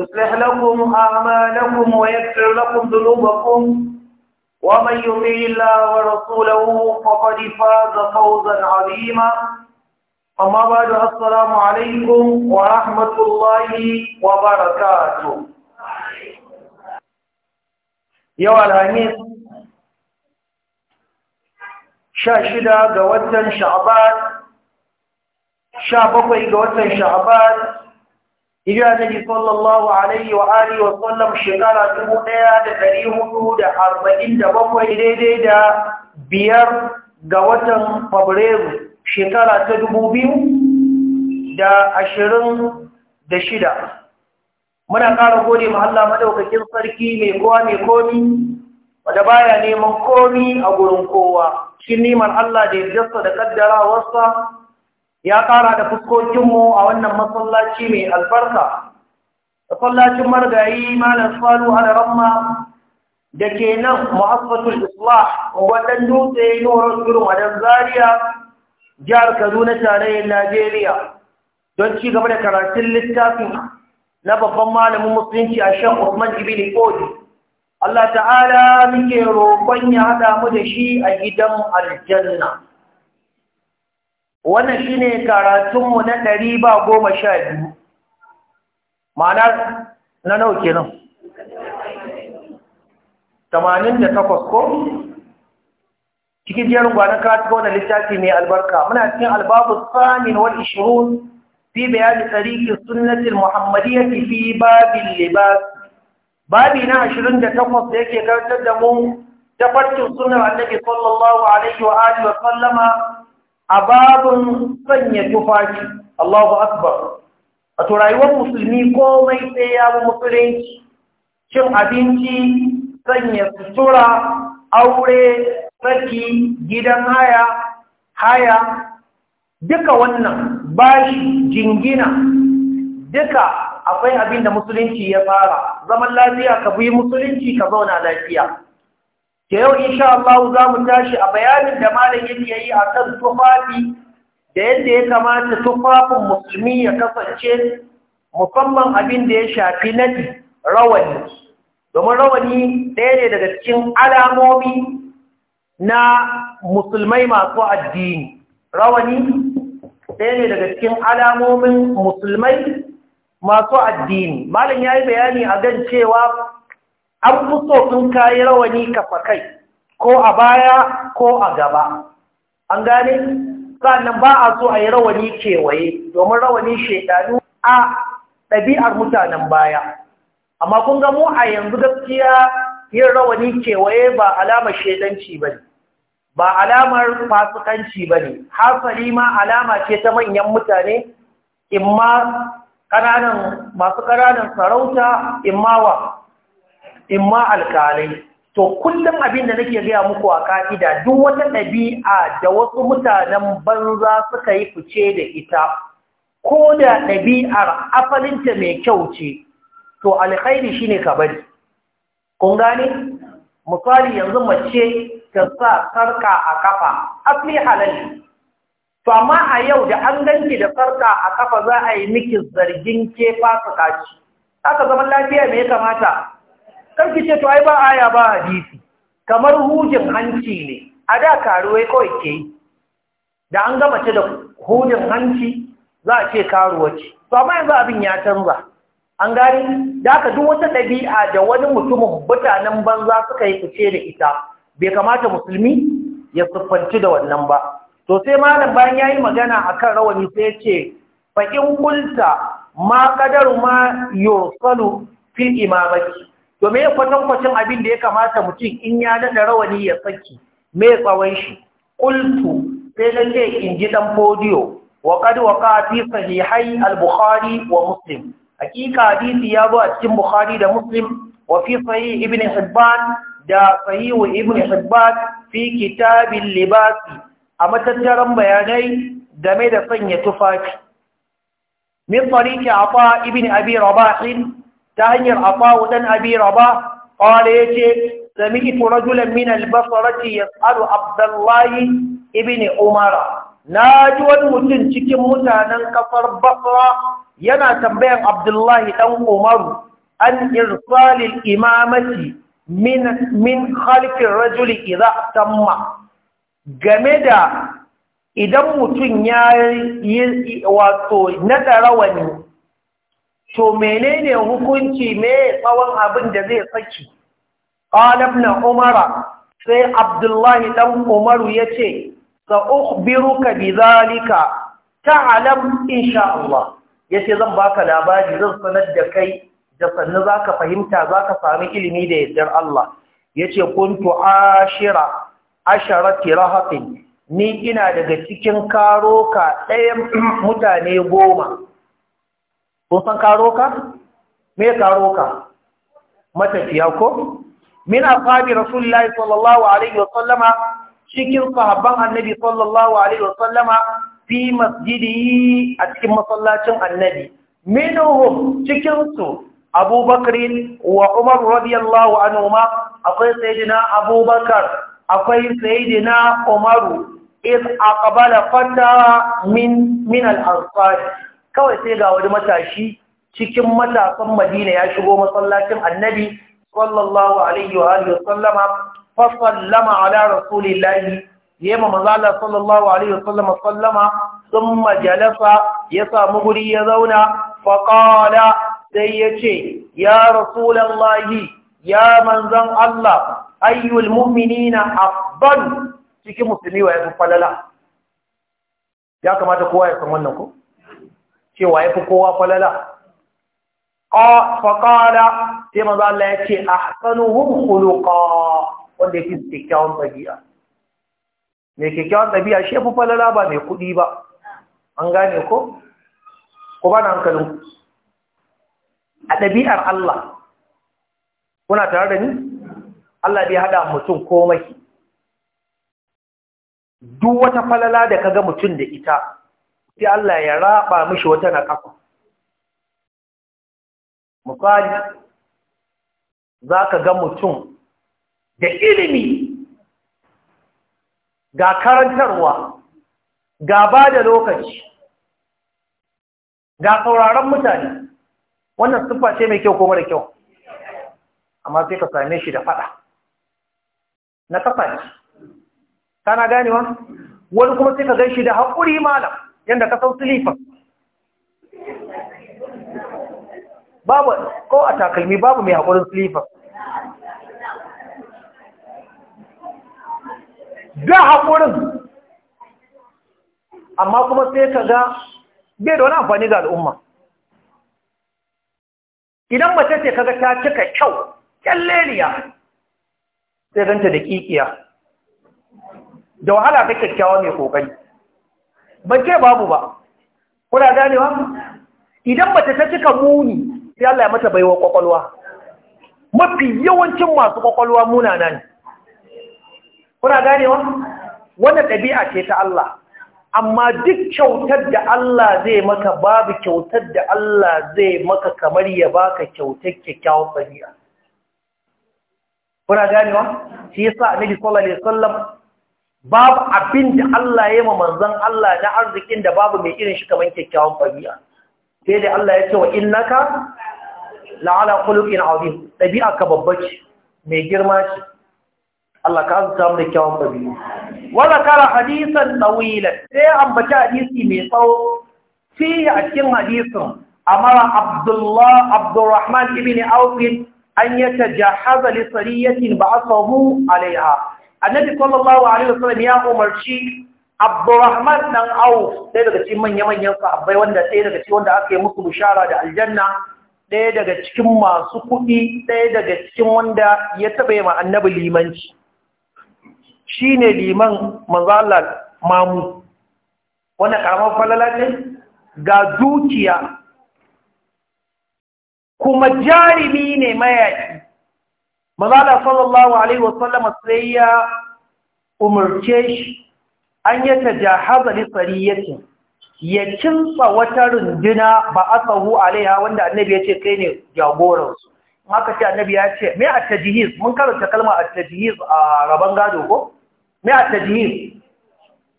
يصلح لكم أعمالكم ويغفر لكم ذنوبكم ومن يطع الله ورسوله فقد فاز فوزا عظيما أما بعد السلام عليكم ورحمة الله وبركاته يا الخميس شاشدة قوة شعبان شابكوي قوة شعبان hijira nabi sallallahu alaihi wa alihi wa sallam shekara dubu ɗaya da ɗari hudu da arba'in da bakwai daidai da biyar ga watan fabrairu shekara ta dubu biyu da ashirin da shida muna ƙara gode ma Allah madaukakin sarki mai kowa mai komi wanda baya neman komi a gurin kowa Shin neman Allah da ya jasta da kaddarawarsa ya ƙara da fuskokinmu a wannan masallaci mai albarka masallacin margayi malam salu alaramma da ke nan mu'assatul islah wadan dutse nuran gurin wadan zaria jihar kaduna tarayyar najeriya don ci gaba da karatun littafin na babban malamin musulunci a shan usman ibn kodi Allah ta'ala muke roƙon ya haɗa mu da shi a gidan aljanna wannan shi ne karatunmu na ɗari ba goma sha biyu ma'ana na nau kenan tamanin da takwas ko cikin jerin gwanon katiko da littafi mai albarka muna cikin albabu samin wal ishirun fi bayani tsarikin sunnatin ya fi babin libas babi na ashirin da takwas da yake karantar da mu tafarkin sunan annabi sallallahu alaihi wa alihi wa sallama a babin sanya tufafi Allahu Akbar a to rayuwar musulmi komai sai ya bi musulunci cin abinci sanya sutura aure saki gidan haya haya duka wannan bashi jingina duka akwai abin da musulunci ya fara zaman lafiya ka bi musulunci ka zauna lafiya ke yau insha Allah za mu tashi a bayanin da malam yake yi a kan tufafi da yadda ya kamata tufafin musulmi ya kasance musamman abin da ya shafi na rawani domin rawani ɗaya ne daga cikin alamomi na musulmai masu addini rawani ɗaya ne daga cikin alamomin musulmai masu addini malam ya yi bayani a gan cewa an muso sun kayi rawani kafa kai ko a baya ko a gaba an gane sannan ba a so a yi rawani kewaye domin rawani shekaru a ɗabi'ar mutanen baya amma kun ga mu a yanzu gaskiya yin rawani kewaye ba alamar shaidanci ba ne ba alamar fasikanci ba ne hasali ma alama ce ta manyan mutane ma ƙananan masu ƙananan sarauta ma wa in ma alkalai to kullum abin da nake gaya muku a ƙa'ida duk wata ɗabi'a da wasu mutanen banza suka yi fice da ita ko da ɗabi'ar afalinta mai kyau ce to alkhairi shine ka bari kun gane misali yanzu mace ta sa sarka a kafa asli halal to amma a yau da an ganki da sarka a kafa za a yi miki zargin kefa su kaci haka zaman lafiya me ya kamata sauki ce to ai ba aya ba hadisi kamar hujin hanci ne a da karuwai kawai ke yi da an gama ce da hujin hanci za a ce karuwa ce to amma yanzu abin ya canza an gani da aka duk wata ɗabi'a da wani mutumin mutanen banza suka yi fice da ita bai kamata musulmi ya siffanci da wannan ba to sai malam bayan ya yi magana a kan rawani sai ya ce faƙin kulta ma ƙadar ma yursalu fil imamaki to me kwatankwacin abin da ya kamata mutum in ya daɗa rawani ya saki me tsawon shi ƙultu sai na ce in ji ɗan fodiyo wa qad waqa fi sahihai al-bukhari wa muslim hakika hadisi ya zo a cikin bukhari da muslim wa fi sahi ibn hibban da wa ibn hibban fi kitabin libasi a matattaran bayanai game da sanya tufafi min ke afa ibn abi rabahin ta hanyar afawu dan abi raba qala yace sami'tu rajulan min al-basrati yas'alu abdullahi ibn umara naji wani mutum cikin mutanen kafar basra yana tambayan abdullahi dan umaru an irsalil imamati min min rajuli idza tamma game da idan mutum ya yi wato naɗa rawani to menene hukunci me tsawon abin da zai saki qalab na umara sai abdullahi dan umaru yace sa ukhbiruka bidhalika ta'lam insha Allah yace zan baka labari zan sanar da kai da sannu zaka fahimta zaka sami ilimi da yaddar Allah yace kuntu ashira asharati rahatin ni ina daga cikin karoka ɗayan mutane goma kun san karo ka me karo ka matafiya ko min ashabi rasulullahi sallallahu alaihi wa sallama cikin sahabban annabi sallallahu alaihi wa sallama fi masjidi a cikin masallacin annabi minhum cikin su abubakar wa umar radiyallahu anhuma akwai sayyidina abubakar akwai sayyidina umaru iz aqbala fata min min al-ansari kawai sai ga wani matashi cikin matasan madina ya shigo masallacin annabi sallallahu alaihi wa sallama, fasallama ala sallama ala yema sallallahu alaihi wa sallama sun jalasa ya samu guri ya zauna fa Sai ya ce ya rasulullahi ya manzan Allah ayyul na afdal cikin musulmi wa fi falala ya kamata kowa ya san wannan ko cewa ya fi kowa falala faƙala sai maza Allah ya ce a tsanuhun kuluka wanda ya fi kyakkyawan ɗabi'a mai kyakkyawan ɗabi'a shi ya fi falala ba mai kuɗi ba an gane ko? ku ba na hankalin a ɗabi'ar Allah kuna tare da ni? Allah bai haɗa mutum komai duk wata falala da kaga mutum da ita sai Allah ya raba mishi wata na kafa. Mufali za ka ga mutum da ilimi ga karantarwa ga ba da lokaci ga sauraron mutane wannan siffa ce mai kyau ko mara kyau amma sai ka same shi da fada na kafa ne kana ganewa wani kuma sai ka gan shi da haƙuri malam yadda ka sau silifan babu ko a takalmi babu mai haƙurin silifan ga haƙurin amma kuma sai ka ga bai da wani amfani ga al'umma idan mace ce ga ta cika kyau kyalleliya sai ganta da kikiya da wahala ta kyakkyawa mai kokari ban ce babu ba kuna ganewa idan mace ta cika muni sai Allah ya mata baiwa kwakwalwa mafi yawancin masu kwakwalwa muna ne kuna ganewa wannan ɗabi'a ce ta Allah amma duk kyautar da Allah zai maka babu kyautar da Allah zai maka kamar ya baka kyautar kyakkyawar ɗabi'a kuna ganewa shi yasa annabi sallallahu alaihi wasallam babu abin da Allah ya ma manzon Allah na arzikin da babu mai irin shi kamar kyakkyawan ɗabi'a sai da Allah ya ce wa innaka la'ala khuluqin azim ɗabi'a ka babba ce mai girma ce Allah ka azza mu da kyawun ɗabi'u wa zakara hadisan tawilan sai ambaci hadisi mai tsawo fi a cikin hadisin amara Abdullah Abdurrahman ibn Auf an yatajahaza li sariyatin ba'athahu alaiha annabi sallallahu alaihi wasallam ya umarci Abdurrahman dan Auf ɗaya daga cikin manya-manyan sahabbai wanda ɗaya daga cikin wanda aka yi musu bishara da aljanna ɗaya daga cikin masu kuɗi ɗaya daga cikin wanda ya taɓa yi annabi limanci shi ne liman manzalar mamu wanda ƙaramar falala ne? ga dukiya kuma jarimi ne mayaƙi mazala sallallahu alaihi wasallam sai ya umarce shi an yi ta jahaza yake. ya cinsa wata runduna ba a tsahu alaiha wanda annabi ya ce kai ne jagoransu Maka ce annabi ya ce mai a tajihiz mun karanta kalma a tajihiz a rabon gado ko? mai a tajihiz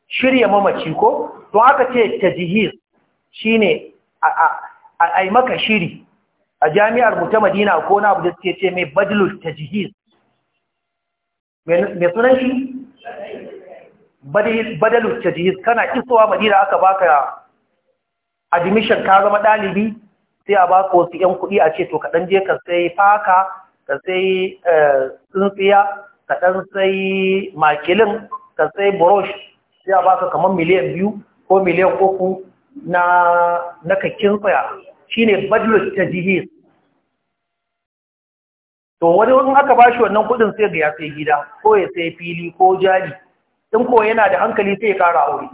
shirya mamaci ko? don haka ce tajihiz shine a yi maka shiri a jami'ar mu ta Madina ko na abu da suke ce mai badlul tajhiz me sunan shi badalul tajhiz kana isowa Madina aka baka admission ka zama dalibi sai a baka wasu yan kuɗi a ce to ka dan je ka sai faka ka sai eh, tsuntsiya ka sai makilin ka sai brush sai a baka kamar miliyan biyu ko miliyan uku na na kakin tsaya shine badlus tajhiz to wani wani aka ba shi wannan kudin sai ga ya sai gida ko ya sai fili ko jari in ko yana da hankali sai ya kara aure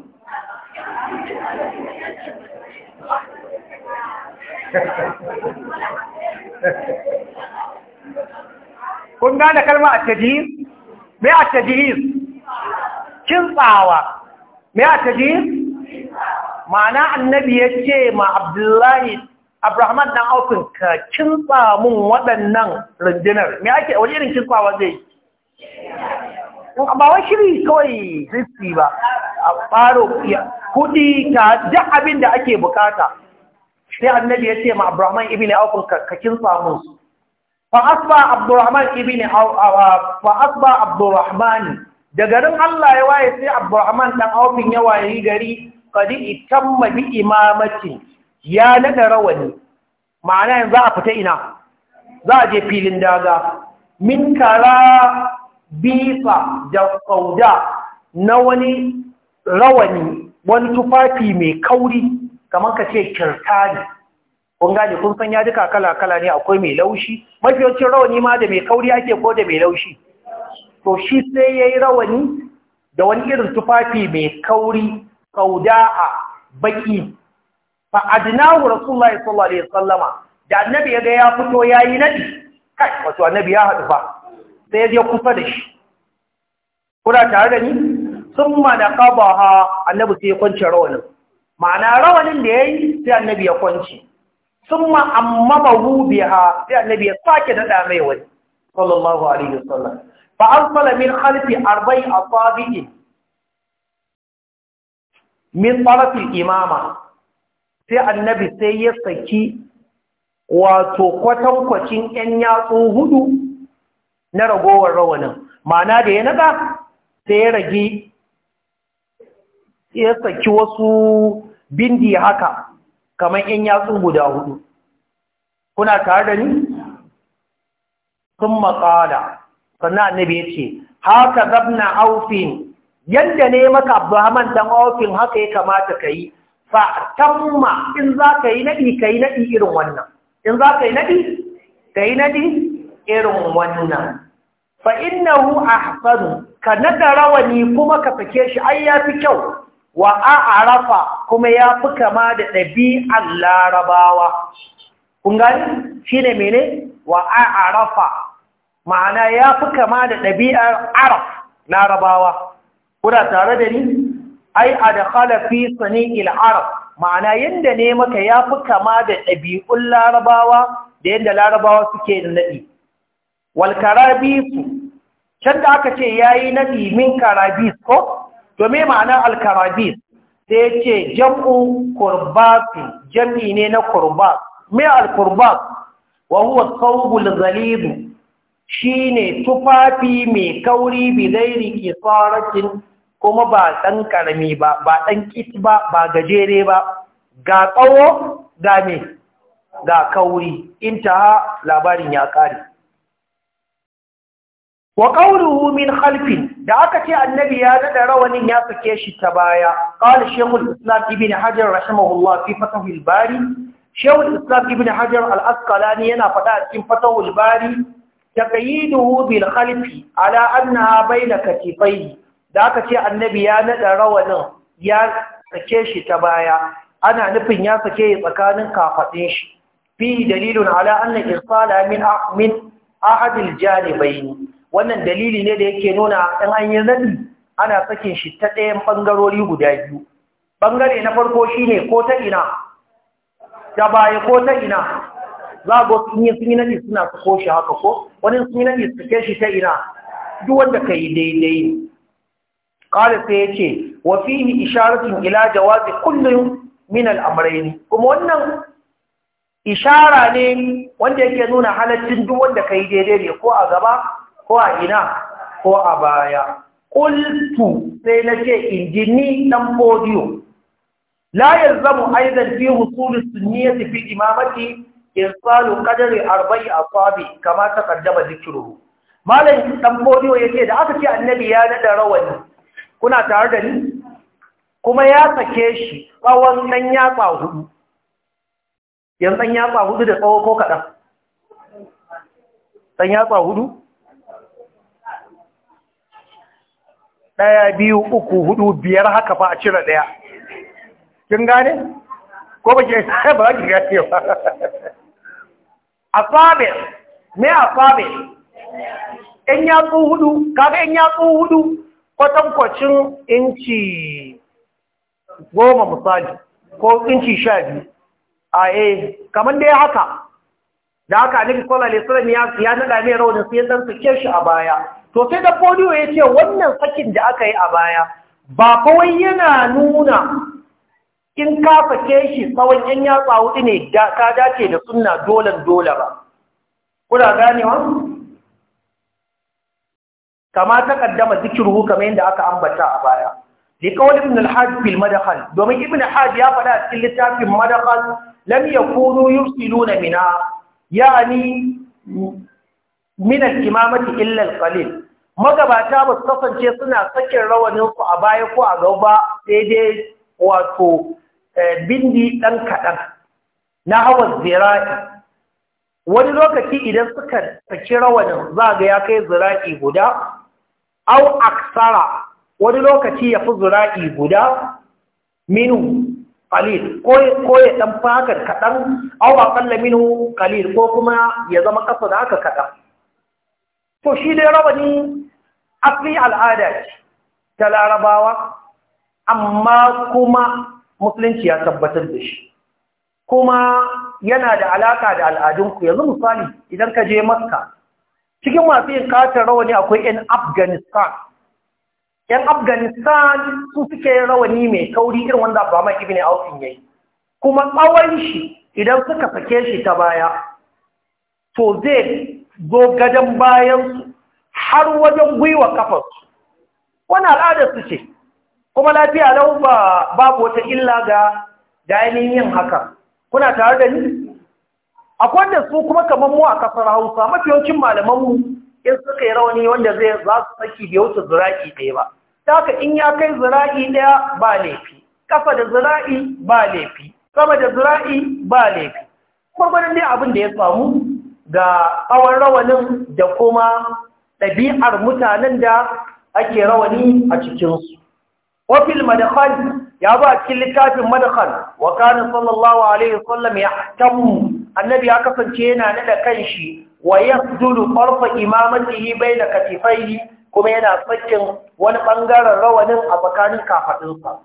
kun gane kalma a tajihiz? mai a Kin tsawa? mai a ma'ana annabi ya ce ma abdullahi Abrahaman dan Aufin ka kinsa mun waɗannan rundunar me ake wani irin kinsawa zai ba wai shiri kawai riski ba a faro kuɗi ta duk abin da ake bukata sai annabi ya ce ma Abrahman ibn Aufin ka kinsa mun su fa asba Abdurrahman ibn fa asba Abdurrahman da garin Allah ya waye sai Abdurrahman dan Aufin ya waye gari qadi itamma bi imamati ya nada rawani ma'ana yanzu za a fita ina za a je filin daga min kara bisa da sauda na wani rawani wani tufafi mai kauri kamar ka ce kirtani kun gane kun san duka kala-kala ne akwai mai laushi mafiyocin rawani ma da mai kauri ake ko da mai laushi to shi sai ya yi rawani da wani irin tufafi mai kauri a baki fa adnahu rasulullahi sallallahu alaihi wasallama da annabi ya ga ya fito yayi nadi kai wato annabi ya hadu fa sai ya je kusa da shi kuna tare da ni summa da qabaha annabi sai ya kwance rawanin ma'ana rawanin da yayi sai annabi ya kwance summa bahu biha sai annabi ya sake nada mai wani sallallahu alaihi wasallam fa arsala min khalfi arba'i asabi'in min tarafil imama sai annabi sai ya saki wato kwatankwacin ‘yan yatsu hudu na ragowar rawanin Ma'ana da ya naga sai ya ragi ya saki wasu bindi haka kamar ‘yan yatsu guda hudu kuna tare da ni? sun maƙala sannan annabi ya ce haka zabna aufin yadda ne maka haman don aufin haka ya kamata ka yi fa tamma in za ka yi naɗi ka yi naɗi irin wannan in za ka yi naɗi ka yi naɗi irin wannan fa innahu ahsanu ka naɗa rawani kuma ka sake shi ai ya fi kyau wa arafa kuma ya fi kama da ɗabi'ar larabawa kun gani ne mene wa arafa ma'ana ya fi kama da ɗabi'ar araf larabawa kuna tare da ni ai da fi sani'il arab ma'ana yanda ne maka fi kama da ɗabi'un larabawa da yadda larabawa suke da naɗi walkarabisu can da aka ce yayi nadi min karabis ko domin me ma'ana Alkarabis? Sai ya ce jam'u Kurbafi, jam'i ne na kurba me Alkurbaf, kurbas wa huwa thawbul shi shine tufafi mai kauri bi ke kisaratin kuma ba ɗan ƙarami ba ba ɗan ƙit ba ba gajere ba ga tsawo ga me ga kauri intaha labarin ya ƙare wa qawluhu min khalfin da aka ce annabi ya daɗa rawanin ya sake shi ta baya qala shaykhul islam ibn hajar rahimahullah fi fathul bari shaykhul islam ibn hajar al yana faɗa a cikin fathul bari duhu bil khalfi ala annaha da katifai. da aka ce annabi ya naɗa rawanin ya sake shi ta baya ana nufin ya sake tsakanin kafaɗin shi fi dalilun ala annan irsala min min ahadil janibaini wannan dalili ne da yake nuna in an yi ana sakin shi ta ɗayan ɓangarori guda biyu ɓangare na farko shine ko ta ina ta baya ko ta ina za a gosu in sun yi naɗi suna su koshi haka ko wani sun yi naɗi su ke shi ta ina duk wanda ka yi daidai qala sai yace Wafi ni isharatun ila jawazi kullum min al kuma wannan ishara ne wanda yake nuna halaccin duk wanda yi daidai ne ko a gaba ko a ina ko a baya qultu sai nace injini dan podium zamu yalzamu aidan fi husul sunniyati fi imamati irsalu qadari arba'i asabi kama taqaddama dhikruhu malam dan podium yake da aka ce annabi ya nada rawani kuna tare da ni kuma ya sake shi tsawon ɗan yatsa hudu yanzu ɗan yatsa hudu da tsawo ko kaɗan ɗan yatsa hudu ɗaya biyu uku hudu biyar haka ba a cire ɗaya kin gane ko ba ke ba ki gane ba asabe me asabe in yatsu hudu kaga in yatsu hudu kwatankwacin inci goma misali ko inci sha biyu a e kamar dai haka da haka ne sallallahu alaihi wasallam ya nada mai su, sai dan sake shi a baya to sai da podiyo ya ce wannan sakin da aka yi a baya ba kawai yana nuna in ka sake shi tsawon yan yatsa hudu ne ka dace da sunna dolan dola ba kuna ganewa kama ta kaddama zikiruhu kamar yadda aka ambata a baya li qawli ibn al-hajj fil madkhal domin ibn hajj ya faɗa a cikin littafin madkhal lam yakunu yusiluna mina yani min al-imamati illa al-qalil magabata ba su kasance suna sakin rawanin a baya ko a gaba daidai wato eh, bindi dan kadan na hawa zira'i wani lokaci idan suka saki rawanin za ga ya kai zira'i guda au aksara wani lokaci ya fi zira'i guda minu kalil ko ya ɗan fakar kaɗan au akalla minu kalil ko kuma ya zama ƙasa da haka kaɗan. to shi dai rawani asli al'ada ce ta larabawa amma kuma musulunci ya tabbatar da shi kuma yana da alaka da al'adunku yanzu misali idan ka je maska cikin masu yin katin rawani akwai 'yan afghanistan 'yan afghanistan su suke yin rawani mai kauri irin wanda ba mai ne aukin yayi kuma tsawon shi idan suka sake shi ta baya to zai zo gadon bayansu har wajen gwiwa kafarsu wani su ce kuma lafiya lau babu wata illa ga da yin haka kuna tare da ni akwai da su kuma kamar mu a kasar Hausa mafi yawancin malaman mu in suka yi rauni wanda zai za su saki bai wuce zira'i ɗaya ba ta haka in ya kai zira'i ɗaya ba laifi kafa da zira'i ba laifi sama da zira'i ba laifi gwargwadon ne abin da ya samu ga awon rawanin da kuma ɗabi'ar mutanen da ake rawani a cikinsu wafil madafali ya ba cikin littafin madkhal wa kana sallallahu alaihi wasallam yahtamu annabi ya kasance yana nada kanshi wa yasdulu farfa imamatihi baina katifaihi kuma yana tsakin wani bangaren rawanin a tsakanin kafadinsa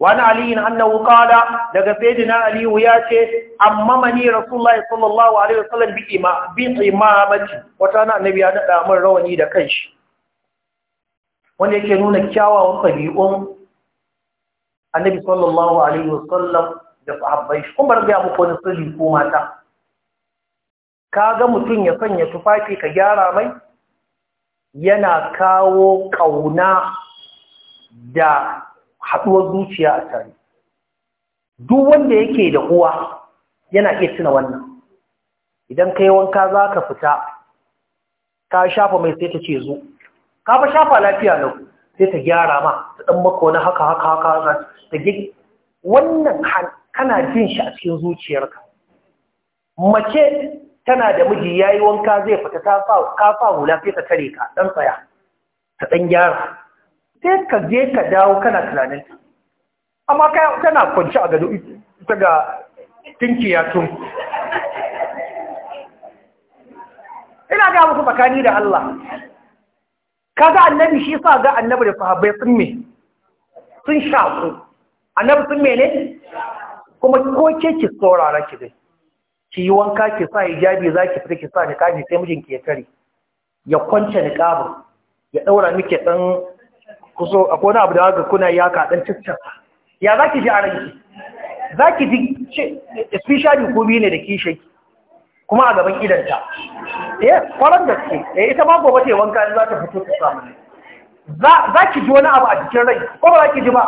wani aliyin annahu qala daga sayyidina aliyu ya ce amma mani rasulullahi sallallahu alaihi wasallam bi ima bi imamati wata na annabi ya nada min rawani da kanshi wanda yake nuna kyawawan ɗabi'un annabi sallallahu alaihi wasallam da sahabbai shi kuma ga muku wani sirri ko mata Ka ga mutum ya sanya tufafi ka gyara mai yana kawo kauna da haɗuwar zuciya a tare duk wanda yake da uwa yana iya tuna wannan idan kai wanka zaka fita ka shafa mai sai ta ce zo ka fa shafa lafiya lau sai ta gyara ma ta ɗan mako na haka haka haka ta gig wannan kana jin shi a cikin zuciyarka mace tana da miji yayi wanka zai fita ta fa ka fa hula sai ta tare ka dan tsaya ta dan gyara sai ka je ka dawo kana tunanin amma kai kana kwance a gado ta ga tinki ya tun ina ga muku bakani da Allah ga annabi shi sa ga annabi da sahabbai sun me sun shaku annabi sun mene kuma ko ke ki saurara ki dai ki yi wanka ki sa hijabi za ki fita ki sa niqabi sai mijinki ya tare ya kwance kabu ya daura miki dan kuso akwai wani abu da haka kuna ka dan ciccin ya za ki ji a ranki za ki ji especially ko biyu ne da kishi kuma a gaban idanta eh kwarar gaske eh ita ma gobe ce wanka za ta fito ta samu za ki ji wani abu a jikin rai ko ba za ki ji ba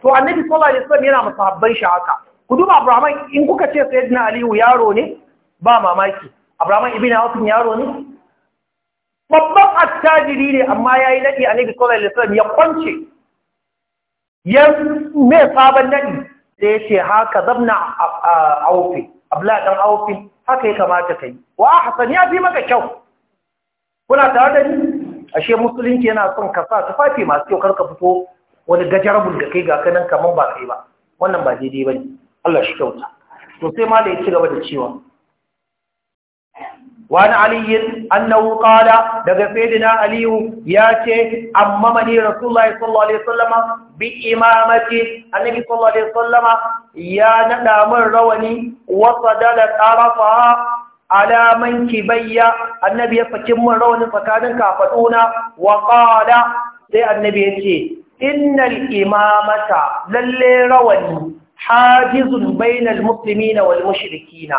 to annabi sallallahu alaihi wasallam yana masu shi haka ku duba abrahaman in kuka ce sayyidina aliyu yaro ne ba mamaki abraman ibn hafin yaro ne babban attajiri ne amma ya naɗi nadi annabi sallallahu alaihi wasallam ya kwance ya me sabon nadi da ce haka zabna aufi abla dan aufi haka ya kamata ka yi wa ahsan ya fi maka kyau kuna tare da ni ashe musulunci yana son ka sa tufafi masu kyau karka fito wani bul da kai ga kanan kaman ba kai ba wannan ba daidai bane Allah shi kyauta to sai ma da ya ci gaba da cewa وعن علي أنه قال دقى سيدنا علي ياتي أممني رسول الله صلى الله عليه وسلم بإمامة النبي صلى الله عليه وسلم يا ندام الروني وصدل طرفها على منكبي النبي فكم الروني فكان كافتونا وقال سي النبي يتي إن الإمامة للي رواني حاجز بين المسلمين والمشركين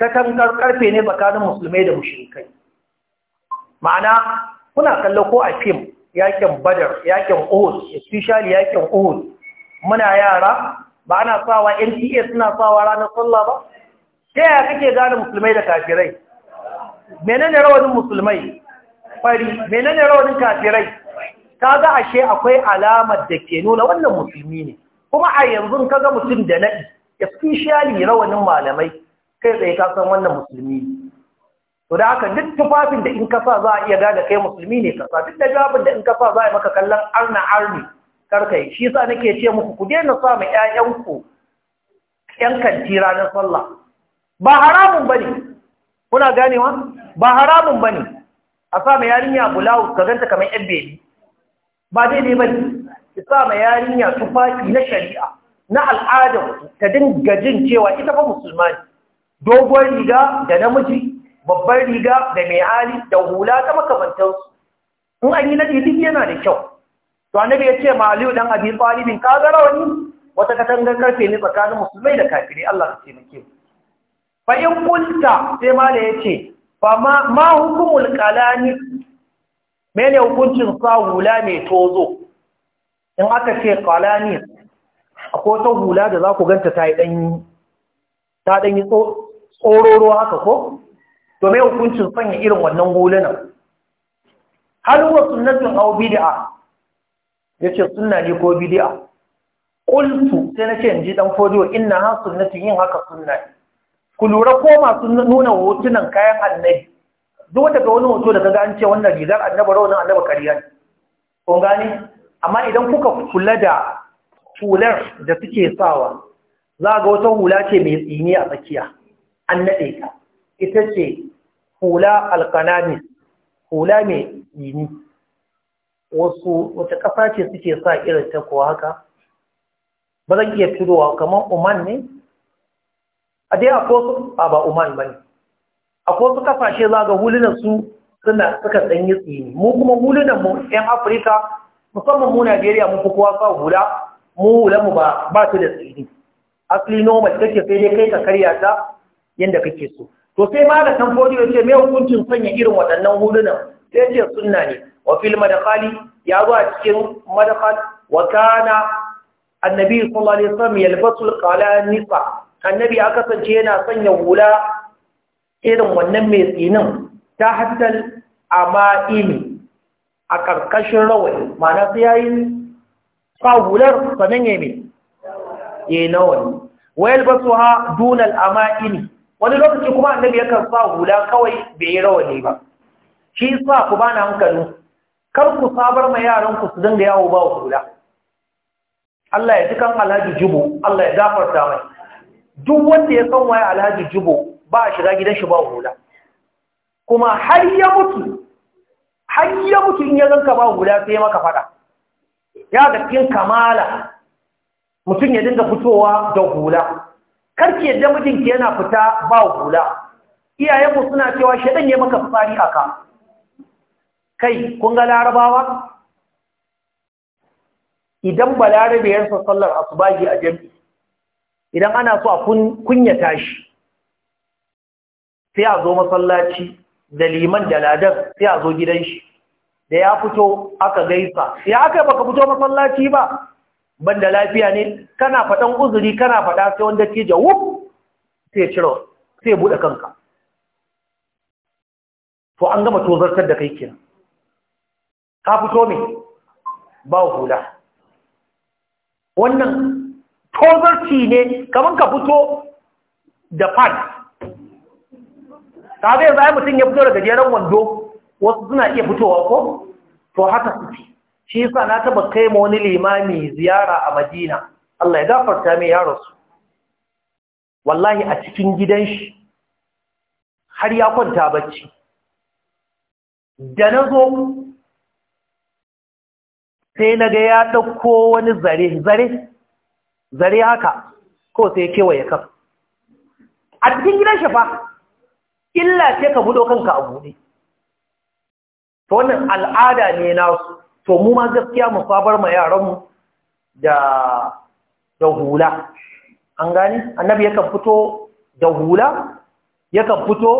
kakan karfe ne tsakanin musulmai da mushrikai ma'ana kuna kallo ko a fim yakin badar yakin uhud especially yakin uhud muna yara ba ana sawa NTA suna sawa ranar sallah ba ta yaya kake gane musulmai da kafirai menene rawanin musulmai fari menene rawanin kafirai kaga ashe akwai alamar da ke nuna wannan musulmi ne kuma a yanzu kaga mutum da naɗi especially rawanin malamai kai tsaye ka san wannan musulmi ne to da haka duk tufafin da in ka sa za a iya gane kai musulmi ne ka sa duk da jawabin da in ka sa za a yi maka kallon arna arni karkai shi yasa nake ce muku ku daina sa ma ƴaƴanku ƴan kanti ranar sallah ba haramun bane kuna ganewa ba haramun bane a sa ma yarinya bulawu ka ganta kamar ƴan beli ba daidai bane ki sa ma yarinya tufafi na shari'a na al'adar ta dinga jin cewa ita fa musulma ne dogon riga da namiji babbar riga da mai hali da hula ta makamantansu in an yi naɗi duk yana da kyau to annabi ya ce ma aliyu dan abi talibin ka ga rawani wata katangar karfe ne tsakanin musulmai da kafirai Allah ka taimake mu fa in kunta sai mala yace fa ma ma hukumul qalani mene hukuncin sa hula mai tozo in aka ce qalani akwai wata hula da za ku ganta ta yi ɗanyi ta ɗanyi tsororo haka ko Domin hukuncin sanya irin wannan hulunan hal huwa sunnatun bidi'a ya ce suna ne ko Bidi'a. qultu sai nace in ji dan fodiyo ina ha sunnatun yin haka suna ku lura ko masu nuna hotunan kayan annabi duk daga wani hoto da gaga an ce wannan rigar annaba rawanin annabi kariya ne kun amma idan kuka kula da hular da suke sawa za ga wata hula ce mai tsini a tsakiya an naɗe ka. ita ce hula alkanamis hula mai yini wasu wata ƙasa ce suke sa irin ta kuwa haka ba zan iya turowa kamar umar ne a dai akwai wasu ba ba umar ba ne akwai wasu ƙasashe za ga hulunan su suna suka ɗanyi tsini mu kuma hulunan mu 'yan Afirka musamman mu Najeriya mu fi kowa sa hula mu hula mu ba ta su da tsini asali normal take sai dai kai ka karya ta yadda kake so to sai ma da tamfodi ya ce me hukuncin sanya irin waɗannan hulunan sai ce sunna ne wa fil madkhali ya zo a cikin madkhal wa kana annabi sallallahu alaihi wasallam yalbasu alqalanisa annabi ya kasance yana sanya hula irin wannan mai tsinin ta haddal ama'imi a karkashin rawani ma'ana sai yayi sa hular sanan yayi me yayi nawani wa yalbasuha dunal ama'imi wani lokaci kuma annabi yakan sa hula kawai bai yi rawani ba shi sa ku ba na hankali kar ku sabar ma yaran ku su dinga yawo ba hula Allah ya dukan Alhaji Jubo Allah ya gafarta mai duk wanda ya san waye Alhaji Jubo ba a shiga gidan shi ba hula kuma har ya mutu har ya mutu in ya zanka ba hula sai maka fada ya ga cikin kamala mutum ya dinga fitowa da hula karki yadda mijinki yana fita ba hula iyayenmu suna cewa shaɗan ya maka fitsari a ka kai kun ga larabawa idan ba larabe yarsa sallar asubagi a jami idan ana so a kunya tashi sai a zo masallaci da liman da ladar sai a zo gidan shi da ya fito aka gaisa ya aka baka fito masallaci ba ban da lafiya ne kana faɗan uzuri kana faɗa sai wanda ke wuf sai ciro sai bude kanka to an gama tozartar da kai kenan ka fito me ba hula wannan tozarci ne kaman ka fito da fad ta zai zai mutum ya fito da gajeren wando wasu suna iya fitowa ko to haka suke shi yasa na taba kai ma wani limami ziyara a Madina Allah ya gafarta mai ya rasu wallahi a cikin gidan shi har ya kwanta bacci da na zo sai na ga ya ɗauko wani zare zare zare haka ko sai kewaye kan a cikin gidan shi fa illa ce ka buɗo kanka a buɗe to wannan al'ada ne nasu to mu ma gaskiya mu sabar ma yaranmu da da hula an gani annabi yakan fito da hula yakan fito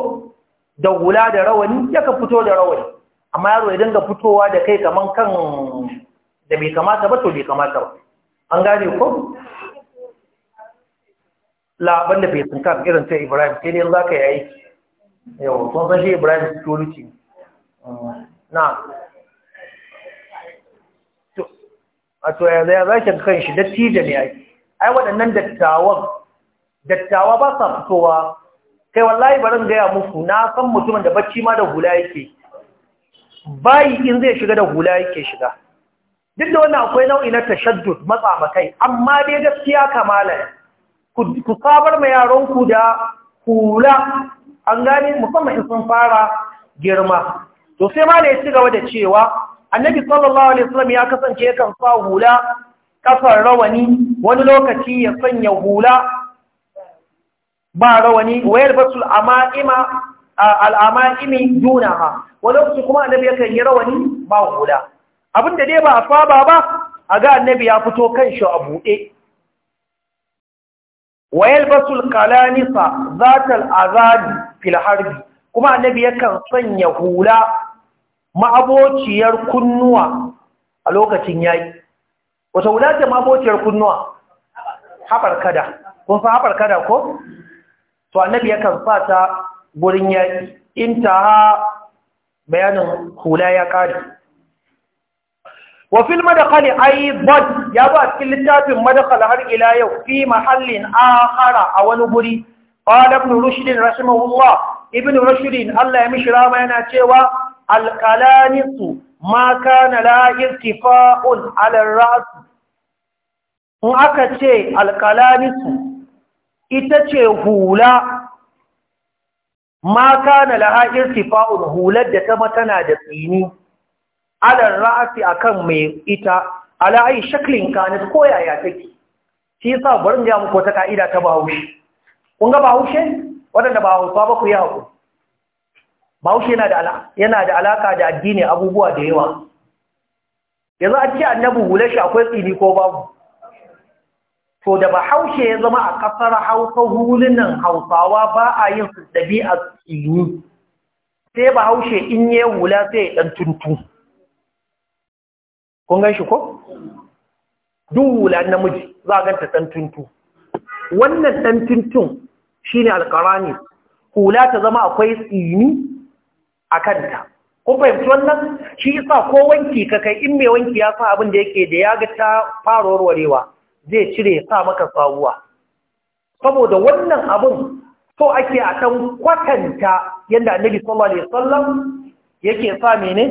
da hula da rawani yakan fito da rawani amma yaro ya dinga fitowa da kai kaman kan da bai kamata ba to bai kamata ba an gane ko la banda bai tunka irin ta ibrahim sai ne zaka yayi yi yau sun san shi ibrahim security na wato ya zai kan shi dattijo ya yi ai waɗannan dattawan dattawa ba sa fitowa kai wallahi barin gaya muku na san mutumin da bacci ma da hula yake bayi in zai shiga da hula yake shiga duk da wannan akwai nau'i na tashaddud matsa makai amma dai gaskiya kamala ku sabar ma yaronku da hula an gane musamman in sun fara girma to sai ma ne ya ci gaba da cewa annabi sallallahu alaihi wasallam ya kasance yakan sa hula kafar rawani wani lokaci ya sanya hula ba rawani Wayal basul ama'ima al'ama'imi dunaha wani kuma annabi yakan yi rawani ba hula abinda dai ba a saba ba a ga annabi ya fito kan shi a buɗe Wayal basul kalanisa zatal azadi fil harbi kuma annabi yakan sanya hula ma'abociyar kunnuwa a lokacin yayi wato guda ce ma'abociyar kunnuwa haɓar kada kun fa haɓar kada ko to annabi yakan sa ta gurin yaƙi in ta ha bayanin hula ya ƙare wa fil madkhali aidan ya ba cikin littafin madkhala har ila yau fi mahallin akhara a wani guri qala ibn rushd rahimahullah ibn rushd Allah ya mishi rama yana cewa alƙalanisu ma na la irtifa'un ala ra's in aka ce alƙalanisu ita ce hula ma na la’ir irtifa'un hular da ta matana da tsini ala a kan mai ita ala'ai shaklin kanis ko yaya take shi sa barin ga muku wata ka'ida ta Bahaushe kun ga Bahaushe wadanda ba Hausa ba ku yi hakuri bahaushe yana da alaka da addini abubuwa da yawa yanzu a ce annabi shi akwai tsini ko babu to da bahaushe ya zama a kasar hausa hulunan hausawa ba a yin su ɗabi'a tsini sai bahaushe in yi hula sai ɗan tuntu kun gan shi ko? duk hula namiji za a ganta ɗan tuntu wannan ɗan tuntun shi ne alƙarani hula ta zama akwai tsini a kanta kun fahimci wannan shi yasa ko wanki ka kai in mai wanki ya sa abin da yake da ya ga ta fara warwarewa zai cire ya sa maka sabuwa saboda wannan abin so ake a kan kwatanta yadda annabi sallallahu alaihi wasallam yake sa mene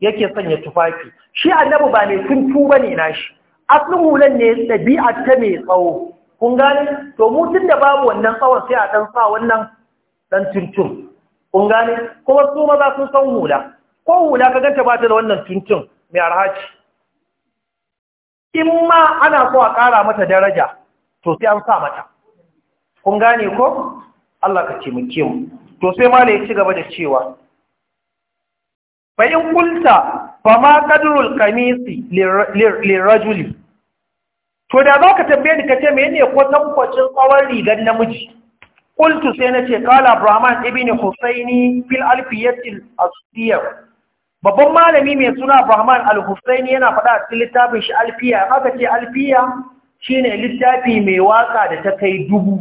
yake sanya tufafi shi annabi ba ne sun tuba ne nashi asalin hulan ne ɗabi'a ta mai tsawo kun gane to mu da babu wannan tsawon sai a ɗan sa wannan ɗan tuntun kun gane kuma su maza sun san hula ko hula ka ganta ba ta da wannan tuntun mai arhaci in ma ana so a kara mata daraja to sai an sa mata kun gane ko Allah ka taimake mu to sai ma ya ci gaba da cewa fa in kulta fa ma qadrul qamisi lirajuli to da zaka tambaye ni kace menene kwatankwacin tsawon rigar namiji qultu sai na ce kala abrahman ibn husaini fil alfiyatil asusiyar. babban malami mai suna Brahman al-Husaini yana faɗa a cikin littafin shi Alfiya aka ce Alfiya shine littafi mai waka da ta kai dubu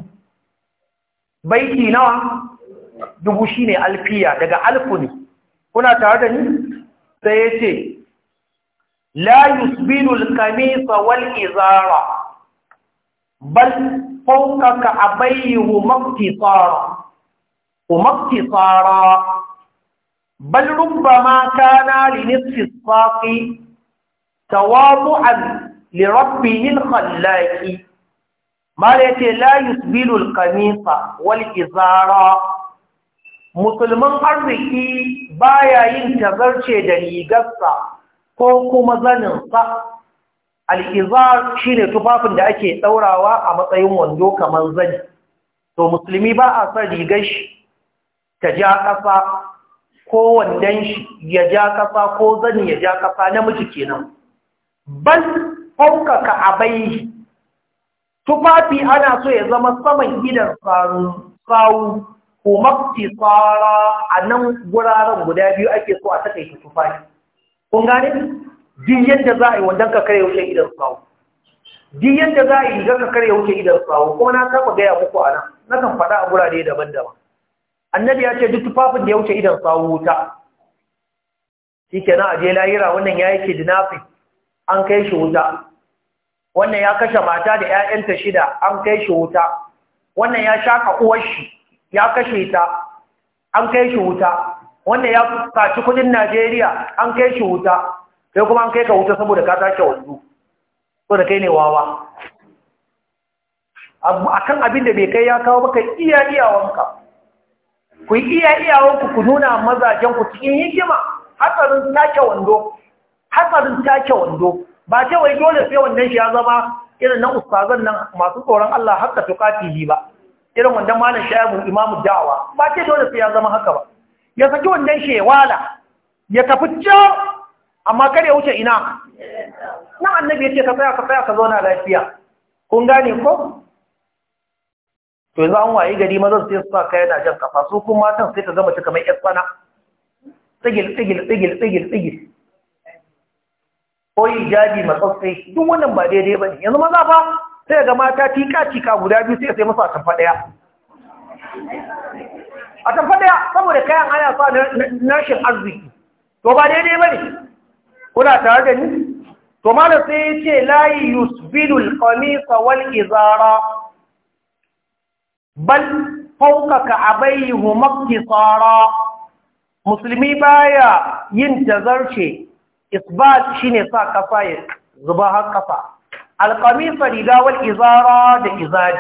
baiti nawa dubu shine Alfiya daga alfu kuna tare da ni sai yace la yusbilu al-qamis wal bal fawqaka abayhu maqtisara ومقتصارا بل ربما كان لنصف الساق تواضعا لربه الخلاق ما لا يسبل القميص والإزارة musulman arziki baya yin tazarce da rigarsa ko kuma zaninsa al'izar shi ne tufafin da ake ɗaurawa a matsayin wando kamar zani to musulmi ba a son rigar shi ta ja ƙasa ko wandan shi ya ja ƙasa ko zani ya ja ƙasa namiji kenan ban faukaka abai tufafi ana so ya zama saman gidan sawu ko mafi tsara a nan guraren guda biyu ake so a takaita tufafi kun gane duk yadda za a yi wannan ka kare wuce idan sawu duk yadda za a yi rigar ka karya wuce idan sawu kuma na saba gaya muku a nan na kan faɗa a gurare daban-daban annabi ya ce duk tufafin da ya wuce idan sawu wuta shi kenan a je lahira wannan ya yi kidnapping an kai shi wuta wannan ya kashe mata da 'ya'yanta shida an kai shi wuta wannan ya shaka uwar shi ya kashe ta an kai shi wuta wannan ya saci kudin Najeriya an kai shi wuta kai kuma an kai ka wuta saboda ka take wanzu saboda kai ne wawa akan abin da bai kai ya kawo maka iya iyawanka ku yi iya iyawanku ku nuna mazajen ku cikin hikima hatsarin take wando hatsarin take wando ba ce wai dole sai wannan shi ya zama irin na ustazan nan masu tsoron Allah har haka tukatihi ba irin wannan malam shayabu imamu da'awa ba ce dole sai ya zama haka ba ya saki wannan shi ya wala ya tafi can amma kar ya wuce ina na annabi yace ka tsaya ka tsaya ka zauna lafiya kun gane ko to yanzu an waye gari mazan sai su sa kai jan kafa su kuma matan sai ka gama ta kamar 'yar tsana tsigil tsigil tsigil tsigil tsigil koyi jaji matsatsai duk wannan ba daidai bane yanzu maza fa sai ga mata tika tika guda biyu sai sai musu a daya a tamfa daya saboda kayan ana sa na rashin arziki to ba daidai bane kuna tare da ni to malam sai ya ce layi yusbilul qamisa wal izara bal fawqa ka'abayhi tsara. musulmi baya yin tazarce isbat shine sa kafa ya zuba har kafa riga wal izara da izari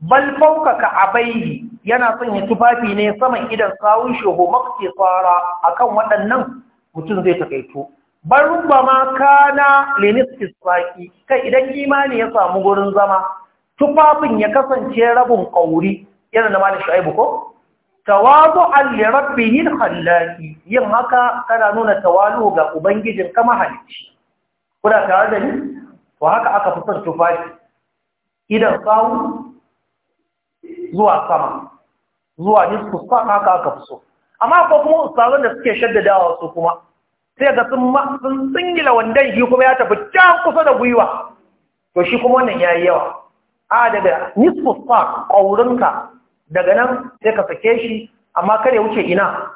bal fawqa ka'abayhi yana son ya tufafi ne saman idan sawun tsara. A kan waɗannan mutum zai takaito ba ma kana linis Kiswaki kai idan imani ya samu gurin zama tufafin ya kasance rabin kauri yana da malin shu'aibu ko tawazu an li rabbihi khallaqi yin haka kana nuna tawalu ga ubangijin kama halicci kuna tare da ni to haka aka fi son tufafi idan sawu zuwa sama zuwa nisfu haka aka fi so amma ko kuma ustazan da suke shaddadawa su kuma sai ga sun tsingila wandan shi kuma ya tafi can kusa da gwiwa to shi kuma wannan ya yi yawa a daga nisfu fa ƙaurinka daga nan sai ka sake shi amma kar ya wuce ina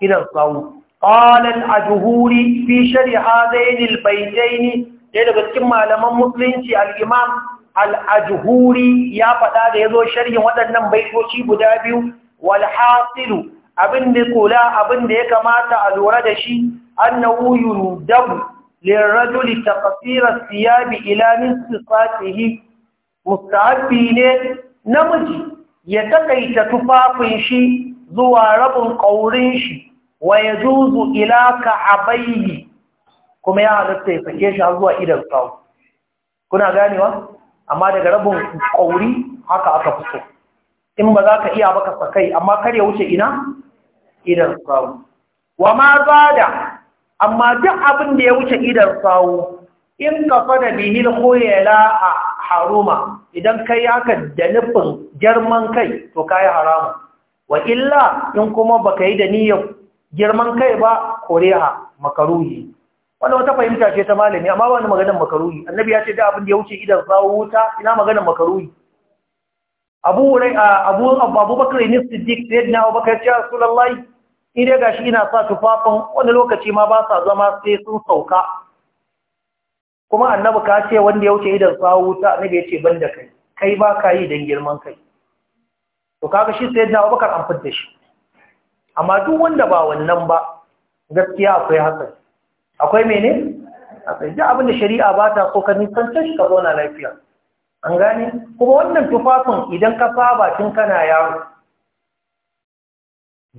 idan sawu ƙalan a juhuri fi shari hazainil baitaini ɗaya daga cikin malaman musulunci al'imam al'ajuhuri ya faɗa da ya zo sharhin waɗannan baitoci guda biyu walhasilu abin da kula abin da ya kamata a lura da shi أنه يندب siyabi تقصير الثياب إلى نصف ne. Namiji ya يتقيت tufafin shi zuwa rabin ƙaurin shi wa ya juzu ilaka a bayi kuma ya halatta ya sake shi har zuwa idan kawo kuna ganewa amma daga rabin ƙauri haka aka fito in ba za ka iya baka sakai amma kar ya wuce ina idan kawo wa ma za amma duk abin da ya wuce idar sawu in ka fada bihil khuyala a haruma idan kai haka da nufin girman kai to kai harama wa illa in kuma baka yi da niyyar girman kai ba koreha makaruhi wanda wata fahimta ce ta malami amma wani maganar makaruhi annabi ya ce da abin da ya wuce idan sawu wuta ina maganar makaruhi abu abu abubakar ne siddiq sayyidina abubakar ya ce rasulullahi ni dai gashi ina sa tufafin wani lokaci ma ba sa zama sai sun sauka kuma annabi ka ce wanda ya wuce idan sa wuta annabi ya ce ban da kai kai ba ka yi don girman kai to kaga shi sai da abubakar an fitar shi amma duk wanda ba wannan ba gaskiya akwai hatsari akwai mene akwai duk abin da shari'a ba ta so ka nisantar shi ka zauna lafiya an gane kuma wannan tufafin idan ka saba tun kana yaro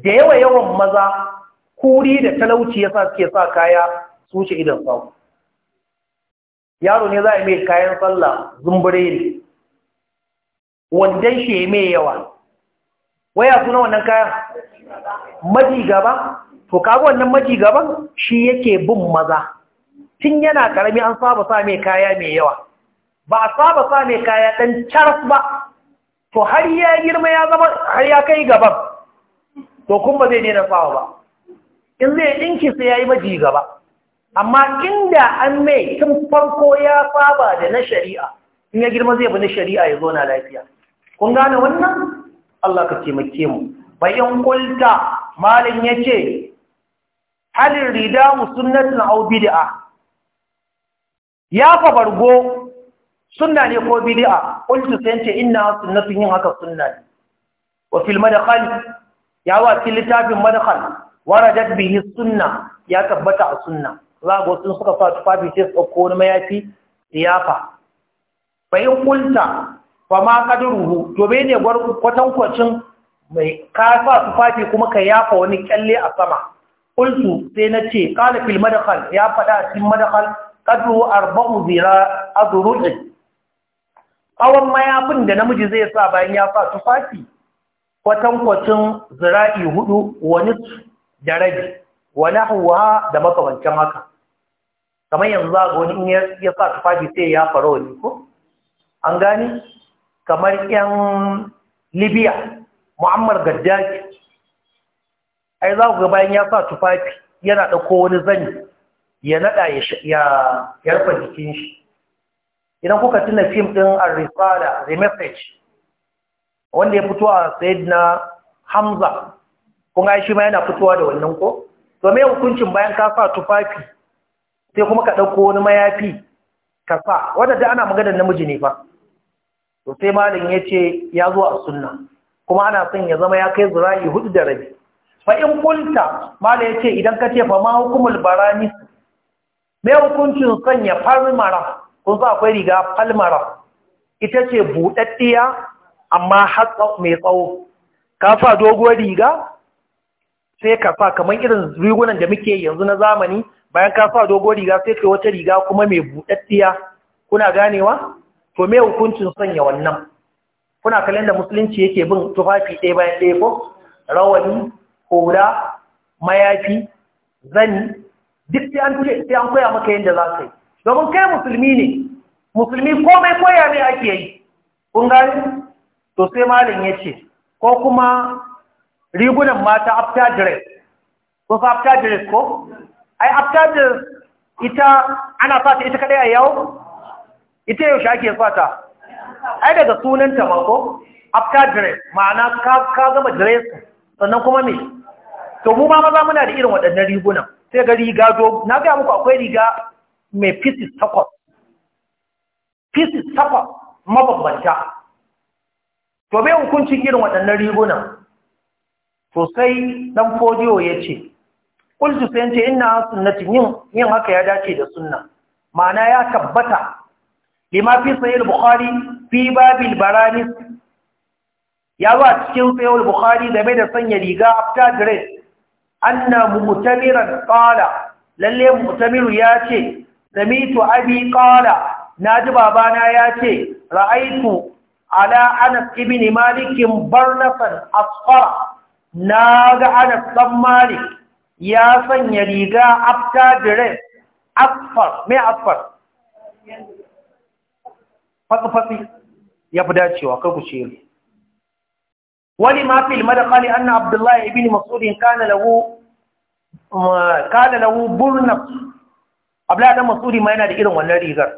da yawa yawan maza kuri da talauci yasa suke sa kaya su wuce idan sau yaro ne za a mai kayan sallah zumbure ne wanda shi mai yawa waya suna wannan kayan maji gaba to kaga wannan maji gaban shi yake bin maza tun yana karami an saba sa mai kaya mai yawa ba a saba sa mai kaya ɗan caras ba to har ya girma ya zama har ya kai gaban to kun ba zai nena sawa ba in zai ɗinki sai ya yi maji gaba amma inda an mai tun farko ya saba da na shari'a in ya girma zai bi na shari'a ya zo na lafiya kun gane wannan Allah ka taimake mu bayan kulta malin ce halin rida sunnatin au bid'a ya fa bargo sunna ne ko bid'a kulta sai ce inna sunnatun yin haka sunna ne wa fil madkhal ya wa littafin madkhal waradat bihi sunna ya tabbata a sunna za ga wasu suka fa tufafi sai su dauko wani mayafi siyafa fa in kulta fa ma qadruhu to bai ne kwacin mai ka fa tufafi kuma ka yafa wani kyalle a sama Kultu sai na ce qala fil ya fada a cikin madkhal qadru arba'u zira azru'i Kawan mayafin da namiji zai sa bayan ya sa tufafi kwatan kwatankwacin zira'i hudu wani da rabi wani hawa da makamancin haka kamar yanzu za ga wani ya sa tufafi sai ya faru wani ko an gani kamar yan libya mu'ammar gaddafi ai za ku ga bayan ya sa tufafi yana ɗauko wani zani ya naɗa ya rufe jikin shi idan kuka tuna fim ɗin arisala the message wanda ya fito a sayyidina hamza kun ga shi ma yana fitowa da wannan ko to me hukuncin bayan ka sa tufafi sai kuma ka dauko wani mayafi ka sa wanda da ana maganar namiji ne fa to sai malam yace ya zo a sunna kuma ana son ya zama ya kai zura'i hudu da rabi fa in kulta malam yace idan ka ce fa ma hukumul barani me hukuncin sanya falmara kun sa akwai riga falmara ita ce budaddiya amma har mai tsawo ka fa doguwar riga sai ka fa kamar irin rigunan da muke yanzu na zamani bayan ka fa doguwar riga sai ka wata riga kuma mai buɗaɗɗiya kuna ganewa to me hukuncin sanya wannan kuna kallon da musulunci yake bin tufafi ɗaya bayan ɗaya ko rawani hura mayafi zani duk sai an sai an koya maka yadda za ka yi domin kai musulmi ne musulmi komai koya ne ake yi kun gani to sai malin ya ce ko kuma rigunan mata after dress ko fa after dress ko ai after dress ita ana fata ita kadai a yau ita yau shi ake fata ai daga sunanta ma ko after dress ma'ana ka ka gama dress sannan kuma me to mu ma maza muna da irin waɗannan rigunan sai ga riga do na ga muku akwai riga mai pieces takwas pieces takwas mabambanta to bai hukuncin irin waɗannan rigunan to sai ɗan fodiyo ya ce ƙulci sai ce ina sunnatin yin haka ya dace da sunna ma'ana ya tabbata lima fi sayil bukhari fi babil baranis ya ba cikin sayil bukhari game da sanya riga after dress na mu'tamiran ƙala, lalle mu'tamiru ya ce samitu abi Na ji babana ya ce ra'aitu ala anas ibn malikin barnasan asfara na ga anas dan malik ya sanya riga after dress asfar mai asfar fatsi-fatsi ya fi dacewa kar ku ce wani mafi ilmadakali an na abdullahi ibn masudin kana lagu um, burnaf abdullahi dan masudi ma yana da irin wannan rigar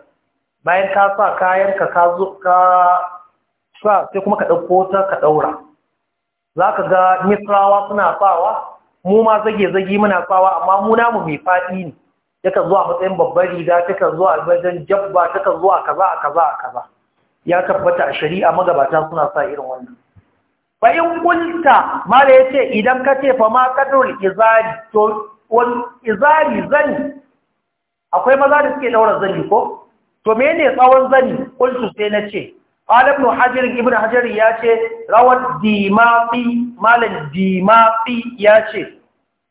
bayan ka sa kayan ka ka sa sai kuma ka ɗauko ta ka ɗaura za ka ga misrawa suna sawa mu ma zage-zage muna sawa amma mu namu mai faɗi ne yakan zuwa matsayin babbar riga takan zuwa wajen jabba takan zuwa kaza a kaza a kaza ya tabbata a shari'a magabata suna sa irin wannan fa in kulta mala yace idan ka ce fa ma qadrul izari to wal izari zani akwai maza da suke daura zani ko to menene tsawon zani kuntu sai na ce Ƙwalab nu hajjirin Ibn Hajar ya ce, rawar dimafi, malar dimafi ya ce,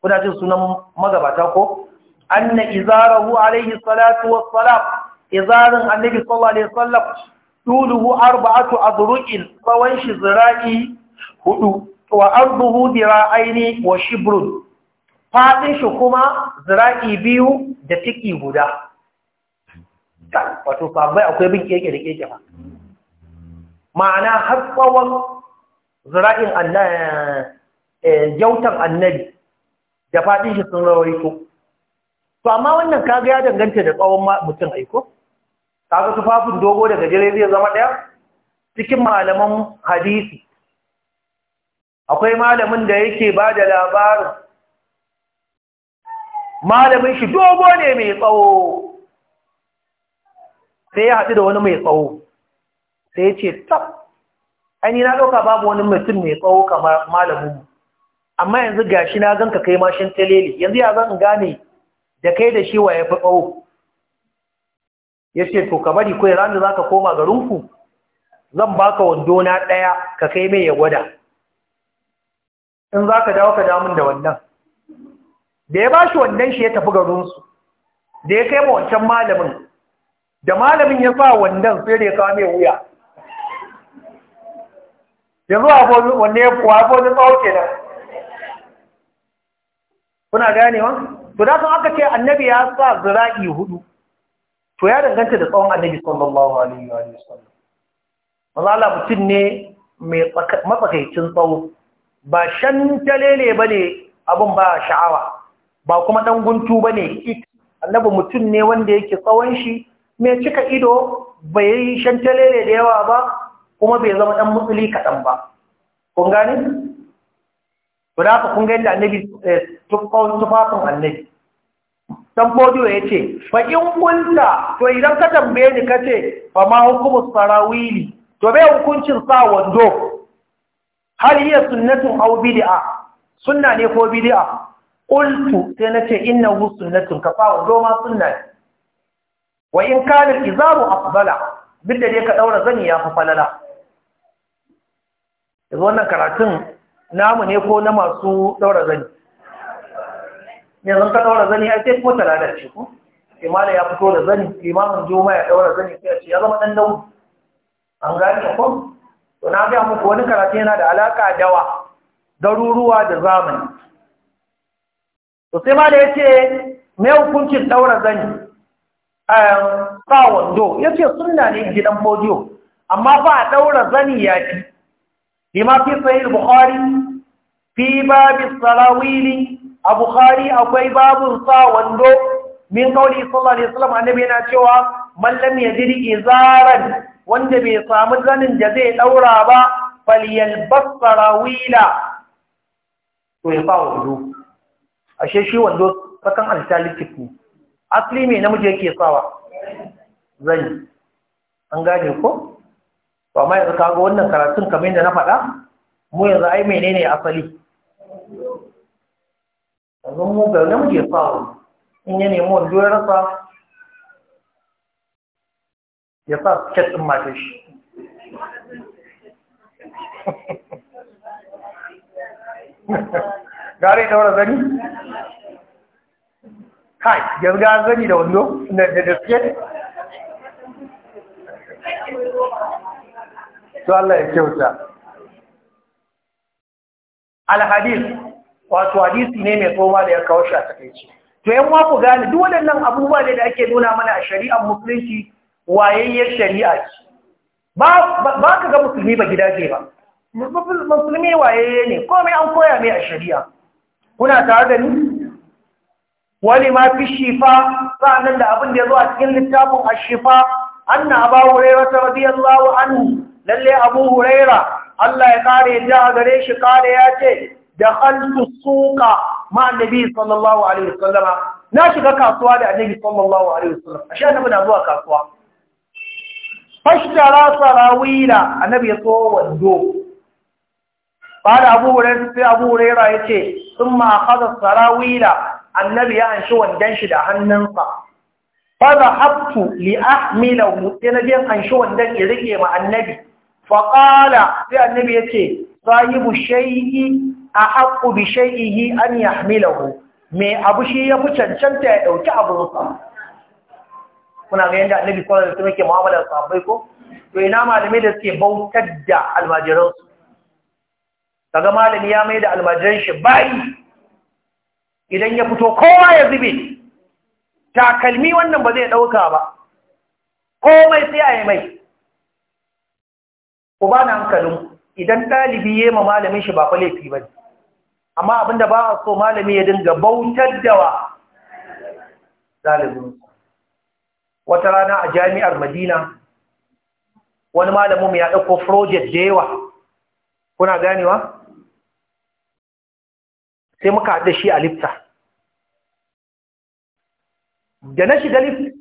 kuna jin sunan magabata ko? Anna izarahu alaihi salatu wassalam, izarin annabi sallallahu alaihi sallam, tuluhu arba'atu azru'in, tsawon shi zira'i hudu, wa arduhu dira'aini wa shibrun. Faɗin shi kuma zira'i biyu da tiki guda. Wato, sabai akwai bin keke da keke ba. ma'ana har tsawon zira'in eh, yautan annabi da faɗi shi sun ko. to amma wannan kaga ya danganta da tsawon mutum aiko kaga tufafin dogo daga jire zai zama ɗaya cikin malaman hadisi akwai malamin da yake ba da labarin malamin shi dogo ne mai tsawo sai ya haɗu da wani mai tsawo sai ya ce tab aini na ɗauka babu wani mutum mai tsawo kamar malamin amma yanzu shi na ganka kai mashin talele yanzu ya zan gane da kai da shi wa ya fi tsawo ya ce to ka bari kai ranar za ka koma garinku zan baka wando na ɗaya ka kai mai ya gwada in za ka dawo ka damun da wannan da ya ba shi wannan shi ya tafi garinsu da ya kai ma wancan malamin da malamin ya sa wannan sai da ya kawo mai wuya yanzu wanne wa abozin tsawo da kuna ganewa to da sun aka ce annabi ya sa zira'i hudu to ya danganta da tsawon annabi sallallahu alaihi wa sallam mazala mutum ne mai matsakaicin tsawo ba shantalele ba ne abin ba sha'awa ba kuma ɗan guntu ba ne it annabi mutum ne wanda yake tsawon shi mai cika ido bai yi shantalele da yawa ba kuma bai zama ɗan mutsuli kaɗan ba kun gane ku da kun ga yadda annabi eh, tufafin annabi Ɗan bodiyo ya ce fa kunta to idan ka tambaye ni ka ce ba ma hukumus sarawili to bai hukuncin sa wando har iya sunnatin hau bidi'a, sunna ne ko bidi'a, ƙultu sai nace hu sunnatin ka sa wando ma sunna ne wa in kanin al-izaru afdala bidda dai ka zan zani ya fi falala yanzu wannan karatun namu ne ko na masu daura zani yanzu ka daura zani ya ce kuma talada ce ko imala ya fito da zani limamin juma ya daura zani ya ce ya zama dan dawo an gani ko to na ga muku wani karatu yana da alaka dawa daruruwa da zamani to sai ma da ce me hukuncin daura zani sa ehm, wando yace sunna ne gidan fodiyo amma ba a daura zani ya fi. lima fi sahih bukhari fi babi salawili a bukhari akwai babun sa wando min kauli sallallahu alaihi wasallam yana cewa man ya yajri zarar wanda bai samu zanin da zai ɗaura ba falyalbas sarawila to ya fa wando ashe shi wando sakan altalitif ne asli me namiji yake sawa zani an gane ko ba ma yanzu kaga wannan karatun kamar yadda na faɗa mu yanzu ai menene asali yanzu mu ga namiji ya sa in ya nemi wanda ya rasa ya sa sket ɗin mace shi gare wani zani kai yanzu gare gani da wando da sket to Allah ya kyauta alhadis wato hadisi ne mai tsoma da ya kawo shi a takaici to yan ku gane duk waɗannan abubuwa ne da ake nuna mana a shari'ar musulunci wayayyar shari'a ce ba ka ga musulmi ba gida ce ba musulmi wayayye ne komai an koya mai a shari'a kuna tare da ni wani ma fi shifa sa'annan da abin da ya zo a cikin littafin ashifa anna abawu rayyata radiyallahu anhu lalle abu huraira Allah ya kare ya a gare shi kare ya ce da khaltu suka ma annabi sallallahu alaihi wasallam na shiga kasuwa da annabi sallallahu alaihi wasallam ashe annabi na zuwa kasuwa fashtara sarawila annabi ya so wando fara abu huraira sai abu huraira yace thumma akhadha sarawila annabi ya anshi wandon shi da hannunsa fara habtu li ahmilahu sai na je anshi wandon ya rike ma annabi faƙala sai annabi ya ce sahibu shai'i a haƙu bi shai'ihi an ya hamilahu mai abu shi ya fi cancanta ya ɗauki abinsa kuna ga yadda annabi kwanar da su muke mu'amalar sabai ko to ina malamai da suke bautar da almajiransu kaga malami ya mai da almajiran shi bayi idan ya fito kowa ya zube takalmi wannan ba zai ɗauka ba komai sai a yi mai ku ba na hankalin idan ɗalibi ya ma malamin shi ba kwa laifi ba ne, amma abinda ba a so malami ya dinga bautar da wa ɗalibin wata rana a jami'ar madina wani malamin mu ya ɗauko project da yawa kuna ganewa sai muka haɗe shi a lifta da na shiga lifta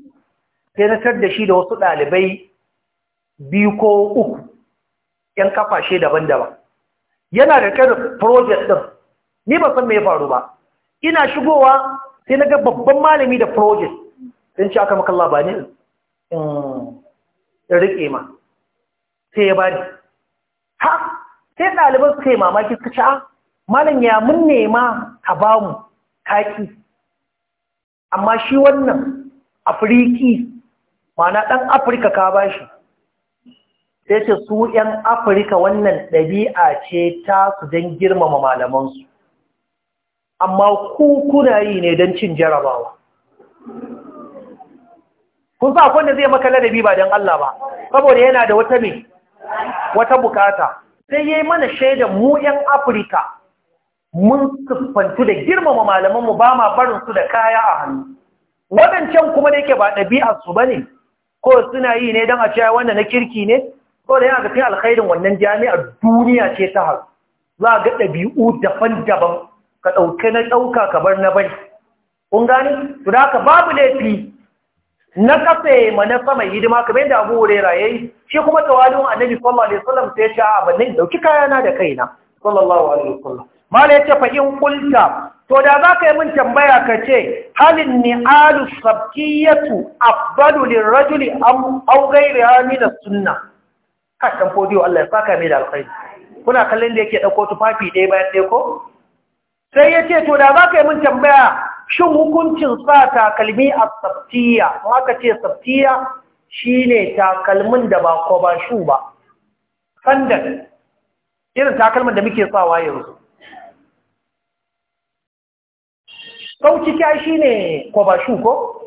sai na tar da shi da wasu ɗalibai biyu ko uku 'yan kafashe daban-daban yana da kan project ɗin ni ba san me ya faru ba ina shigowa sai na ga babban malami da project sun ci aka maka labari in riƙe ma sai ya bani ha sai ɗaliban suka yi mamaki suka ci a ah, malam ya mun nema ka ba mu kaki amma shi wannan afiriki mana ɗan afirka ka ba shi sai ce su ‘yan Afirka wannan ɗabi'a ce ta su don girmama malamansu, amma ku kuna yi ne don cin jarabawa. Kun sa kwanne zai maka ladabi ba don Allah ba, saboda yana da wata mai, wata bukata. Sai yi mana shaidan mu ‘yan Afirka mun siffantu da girmama malamanmu ba ma barinsu da kaya a hannu. Waɗancan kuma da yake ba ɗabi'arsu ba ne, ko suna yi ne don a cewa wanda na kirki ne? so da yana tafiya alkhairin wannan jami'ar duniya ce ta haru za ga ɗabi'u daban-daban ka ɗauke na ɗauka ka bar na bari. kun gani to da haka babu laifi na kafe ma na sama hidima kamar yadda abu hurera yayi shi kuma tawalin annabi sallallahu alaihi wasallam sai ya ce a bannin ɗauki kayana da kaina sallallahu alaihi wasallam mala yace fa in qulta to da za ka yi min tambaya ka ce halin ni'alu sabkiyatu afdalu lirrajuli am aw ghayriha min as ka dan Allah ya saka mai da alkhairi kuna kallon da yake dauko tufafi ɗaya bayan ɗaya ko sai yace to da za ka yi min tambaya shin hukuncin sa takalmi a sabtiya Kuma ka ce sabtiya shine takalmin da ba ko ba shu ba sandan irin takalmin da muke sawa yanzu sauci kya shi ne kwabashu ko?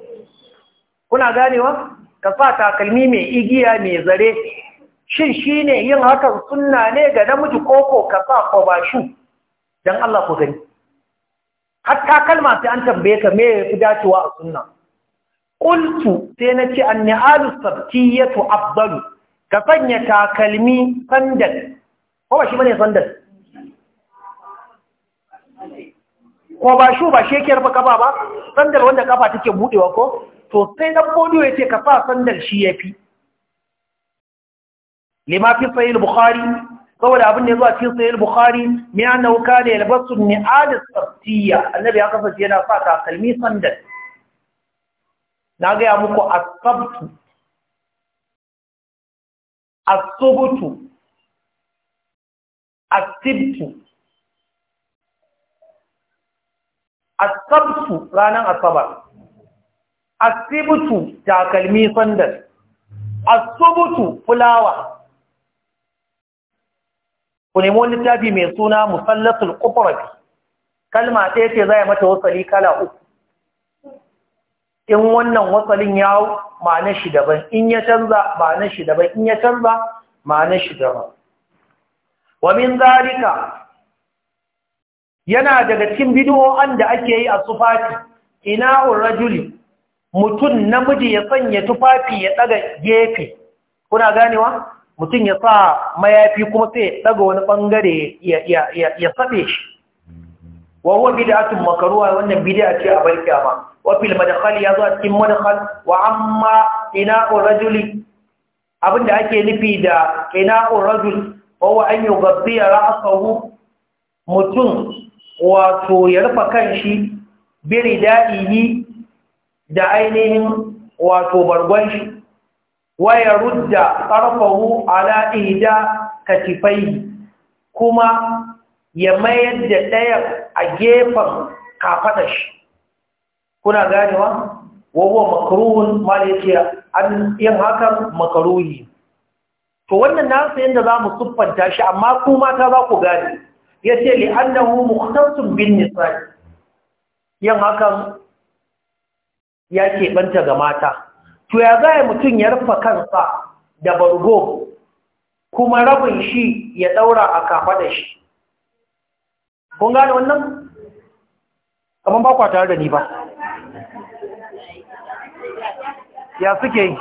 kuna ganewa? ka sa takalmi mai igiya mai zare shin shi ne yin hakan sunna ne ga namiji koko ka sa ko ba shi don Allah ku gani hatta kalma sai an tambaye ka me yafi dacewa a sunna ƙultu sai na ce an-ni'alu sabtiyatu afdalu ka sanya takalmi sandal ko ba shi bane sandal ko ba shi ba kafa ba sandal wanda kafa take budewa ko to sai dan bodiyo ce ka sa sandal shi yafi ma fi sahih bukhari saboda abin da zuwa cikin sahih bukhari Nauka da kana ne Adis, sabtiyya annabi ya kasance yana sa takalmi sandal na gaya a muku asabtu asubutu asibtu asabtu ranar asabar asibutu takalmi sandal asubutu fulawa ku nemi wani littafi mai suna musallatul qutrabi kalma ɗaya ce za a mata wasali kala uku in wannan wasalin ya na shi daban in ya canza na shi daban in ya canza na shi daban wa min zalika yana daga cikin an da ake yi a sufati ina juli? mutum namiji ya sanya tufafi ya daga gefe kuna ganewa mutum ya sa mayafi kuma sai daga wani bangare ya sabe shi wa huwa bid'atun makruha wannan bid'a ce a bai ma wa fil madkhal ya zo cikin madkhal wa amma ina'u rajuli abinda ake nufi da ina'u rajul huwa an yughaddiya ra'sahu mutum wato ya rufa kanshi biri da'ihi da ainihin wato bargon shi waya rudda ƙarfahu ala ihda katifai kuma ya mayar da ɗaya a gefen kafaɗa shi kuna ganewa wawo makaruhun mala an yin hakan makaruhi to wannan nasu yadda za mu siffanta shi amma kuma ta za ku gane ya ce li annahu muhtasun bin nisa yin hakan ya keɓanta ga mata to ya zai mutum ya rufa kansa da bargo kuma rabin shi ya ɗaura a kafa da shi kun gane wannan kamar ba kwa tare da ni ba ya suke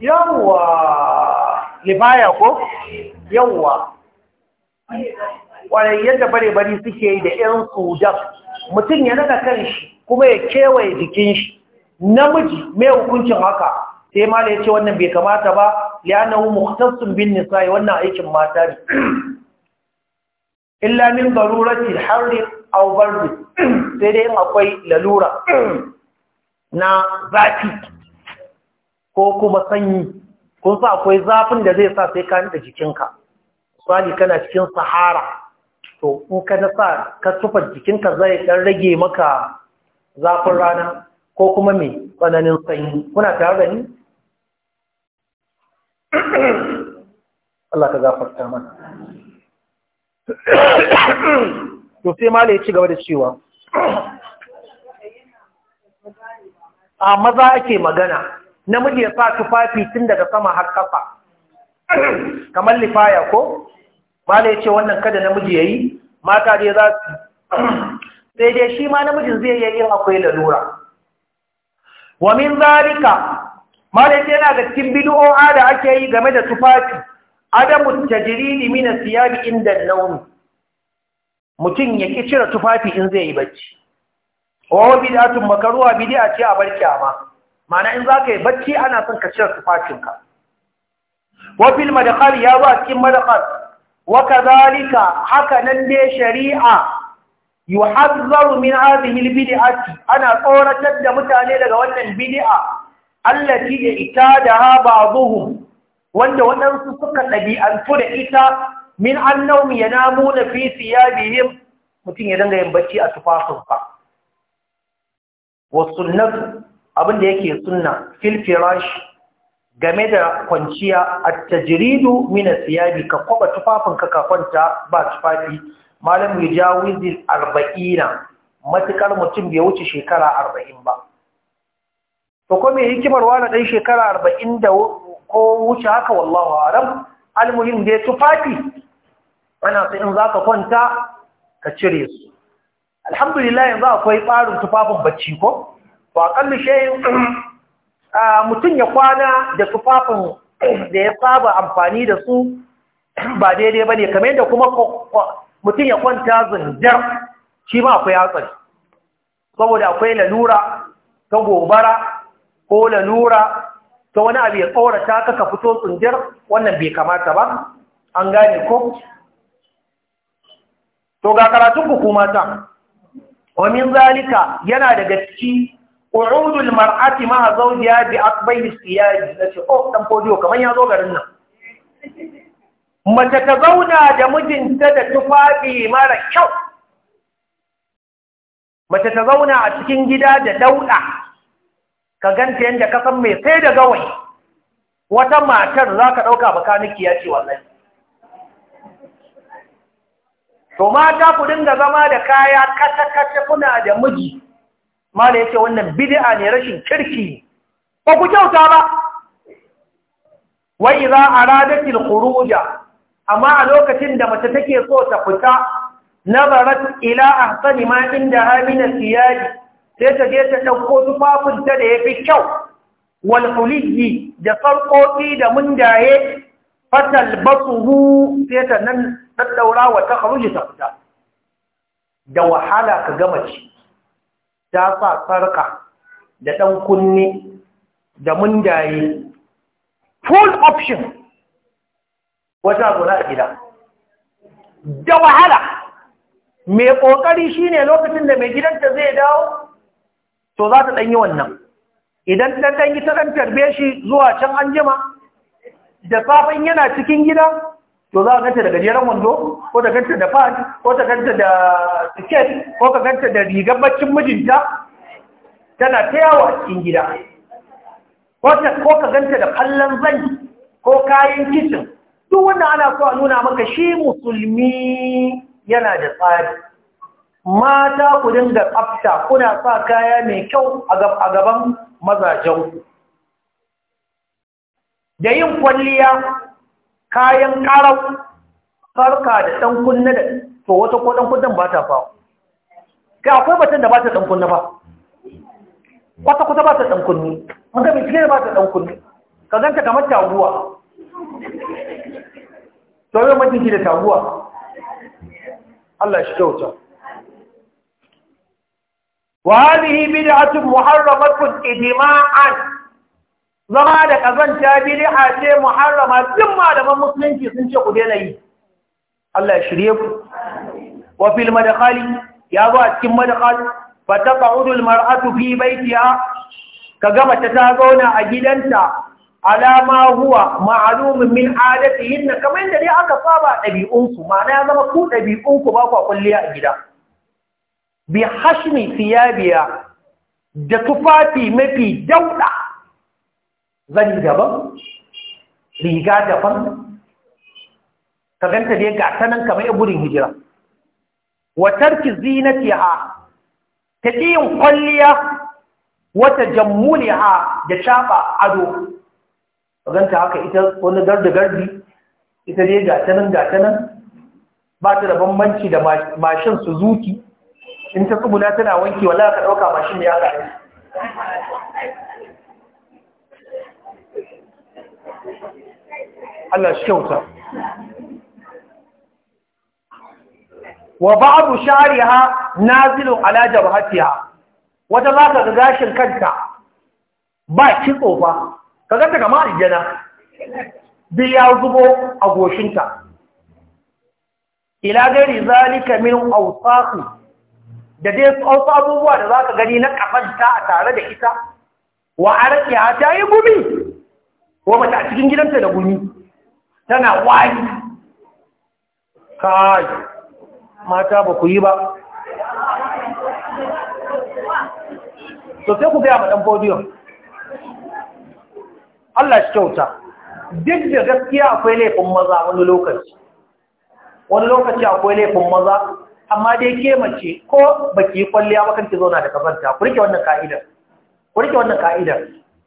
yawwa libaya ko yawwa kwarai yadda bare-bari suke yi da 'yan sudan mutum ya naga kan shi kuma ya kewaye jikin shi namiji mai hukuncin haka sai ma ya ce wannan bai kamata ba liyanahu muhtasun bin nisa'i wannan aikin mata ne illa min darurati harri aw bardi sai dai akwai lalura na zafi ko kuma sanyi kun sa akwai zafin da zai sa sai ka jikinka misali kana cikin sahara to in ka na sa ka jikinka zai ɗan rage maka zafin rana ko kuma mai tsananin sanyi kuna tare da ni? Allah ka gafarta mana. To sai ma ya ci gaba da cewa. A maza ake magana, namiji ya sa tufafi tun daga sama har kafa kamar lifaya ko? mala ya ce wannan kada namiji ya yi mata dai za su sai dai shi ma namijin zai yi yin akwai lalura wa min zalika ya ce yana ga cikin bid'o'a da ake yi game da tufafi adamu mina siya bi inda launi mutum ya ki cire tufafi in zai yi bacci wa bid'atun makaruwa bid'a ce a bar kyama ma'ana in za ka yi bacci ana son ka cire tufafinka wa madakar ya zo cikin Madakar. waka zalika haka nan dai shari'a yi hazzaru min azihil bidi'ati ana tsoratar da mutane daga wannan bidi'a allafi ya ita da ha ba wanda waɗansu suka ɗabi'antu da ita min annawmi ya namu na fi siya bihim mutum ya dangayin bacci a tufafinka wasu nan abinda yake sunna filfirashi game da kwanciya a tajiridu, mina as-siyabi ka kwaba tufafinka ka kwanta ba tufafi malam yujawizil arba'ina, matukar mutum bai wuce shekara arba'in ba to ko mai hikimar wani ɗan shekara arba'in da ko wuce haka wallahu alam almuhim dai tufafi ana sai in za ka kwanta ka cire su alhamdulillah yanzu akwai tsarin tufafin bacci ko to aƙalli shayin mutum ya kwana da tufafin da ya saba amfani da su ba daidai ba ne kamar yadda kuma mutum ya kwanta zindar shi ma akwai hatsari saboda akwai lalura ta gobara ko lalura ta wani abu ya tsorata ka ka fito tsindir wannan bai kamata ba an gane ko to ga karatun ku kuma ta wamin zalika yana daga ciki qu'udul mar'ati ma zawjiha bi aqbayl siyaj nace oh dan fodiyo kaman ya zo garin nan mace ta zauna da mijinta da tufafi mara kyau mace ta zauna a cikin gida da dauɗa. ka ganta yadda ka san mai sai da gawai wata matar za ka ɗauka bakaniki ya ce wallahi to mata ku dinga zama da kaya kata-kata kuna da miji mala ya ce wannan bid'a ne rashin kirki ba ku kyauta ba wa idza aradat khuruja amma a lokacin da mace take so ta fita nazarat ila ahsani ma indaha min al-thiyab sai ta je ta dauko tufafin ta da yafi kyau wal da farqoqi da mundaye fatal basuhu sai ta nan daddaura wa ta kharuji ta fita da wahala ka gama ci ta sa sarka da ɗan kunne da mundaye full option wata zaune a gida da wahala mai ƙoƙari shine lokacin da mai gidanta zai dawo to za ta ɗanyi wannan idan ta ɗanyi ta ɗan tarbe shi zuwa can anjima da safin yana cikin gida to za a ganta da gajeren wando ko ta ganta da pant ko ta ganta da tiket ko ka ganta da rigar bacin mijinta tana ta yawa cikin gida ko ka ganta da kallon zan ko kayan kicin duk wannan ana so a nuna maka shi musulmi yana da tsari mata ku dinga tsafta kuna sa kaya mai kyau a gaban ku. da yin kwalliya kayan ƙarau farka da ɗan kunna da to wata ko ɗan kunnan ba ta fawo ga akwai batun da ba ta ɗan kunna ba wata kusa ba ta ɗan kunni wanda bincike da ba ta ɗan kunni ka zanta kamar taguwa to yau matinki da taguwa Allah shi kyauta وهذه بدعة muharramatun إجماعا zama da ƙazanta bid'a ce muharrama duk malaman musulunci sun ce ku daina yi Allah ya shirye ku wa fil madkhali ya zo a cikin madkhal fa taq'udu al mar'atu fi baytiha kaga mace ta zauna a gidanta alama huwa ma'lumun min adatihin kamar yadda dai aka saba ɗabi'un su ma'ana ya zama ku ɗabi'un ku ba ku kulliya a gida bi hashmi thiyabiya da tufafi mafi dauɗa. zani daban riga daban ka ganta dai ga sanan kamar iburin hijira wa tarki zinatiha ta yin kwalliya wata jammuliha da shafa ado ka ganta haka ita wani garda gardi ita dai ga sanan ga ba ta da bambanci da mashin Suzuki in ta tsubuna tana wanki wala ka ɗauka mashin ne aka Allah shi kyauta wa ba'du sha'riha nazilu ala jabhatiha wata zaka ga gashin kanta ba tsofa, ba kaga ta kamar aljana bi ya zubo a goshinta ila gairi zalika min awsaqi da dai wasu abubuwa da zaka gani na kafanta a tare da ita wa arqiha ta yi gumi ko mata a cikin gidanta da gumi tana wani kai mata ba ku yi ba to sai ku gaya ma ɗan Allah shi kyauta duk da gaskiya akwai laifin maza wani lokaci wani lokaci akwai laifin maza amma dai ke mace ko baki kwalliya ba ki zauna da kafanta ku rike wannan ka'idar ku rike wannan ka'idar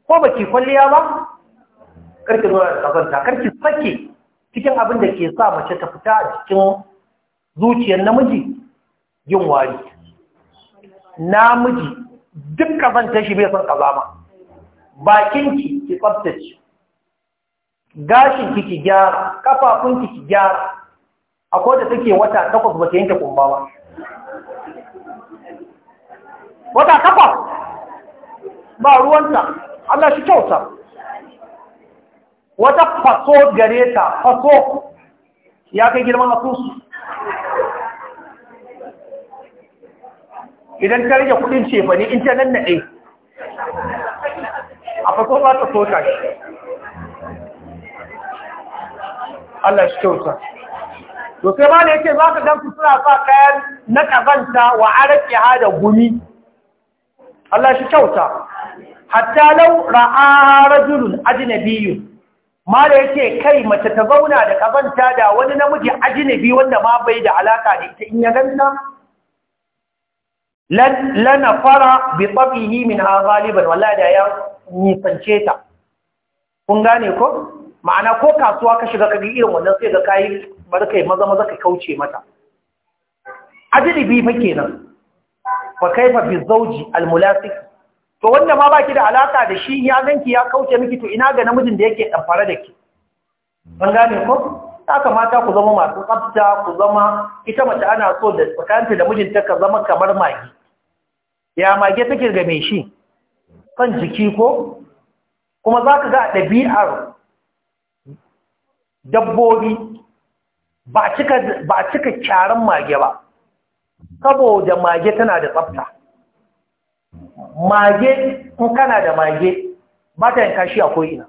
ko baki kwalliya ba karki nuna da kazanta karki sake cikin abin da ke sa mace ta fita a cikin zuciyar namiji yin wari namiji duk kazantar shi bai son kazama bakinki ki tsabtace gashinki ki gyara kafafunki ki gyara akwai da take wata takwas ba ta yanke kumba ba wata takwas ba ruwanta Allah shi kyauta wata faso gare ta faso ya kai girman asusu idan ta rage kudin cefa ne in ta nan na ɗai a faso ba ta soka shi Allah shi kyauta to sai ma da yake za ka gamsu suna sa kayan na ƙazanta wa araƙi ha da gumi Allah shi kyauta hatta lau ra'a rajulun ajnabiyun mala yace kai mace ta zauna da kazanta da wani namiji ajnabi wanda ma bai da alaka da ita in ya ganta lana fara bi tabihi min ha galiban wallahi da ya nisance ta kun gane ko ma'ana ko kasuwa ka shiga kaga irin wannan sai ga kai bar kai maza maza ka kauce mata ajnabi fa kenan fa kaifa bi zawji al mulasiki to wanda ma baki da alaka da shi ya ganki ya kauce miki to ina ga namijin da yake damfara da ki ban gane ko Ta kamata ku zama masu tsafta ku zama ita mace ana so da tsakanta da mijinta ka zama kamar mage ya mage take ga mai shi kan jiki ko kuma za ka ga ɗabi'ar dabbobi ba cika kyaran mage ba saboda mage tana da tsafta mage in kana da mage ba ta yin kashi a ko'ina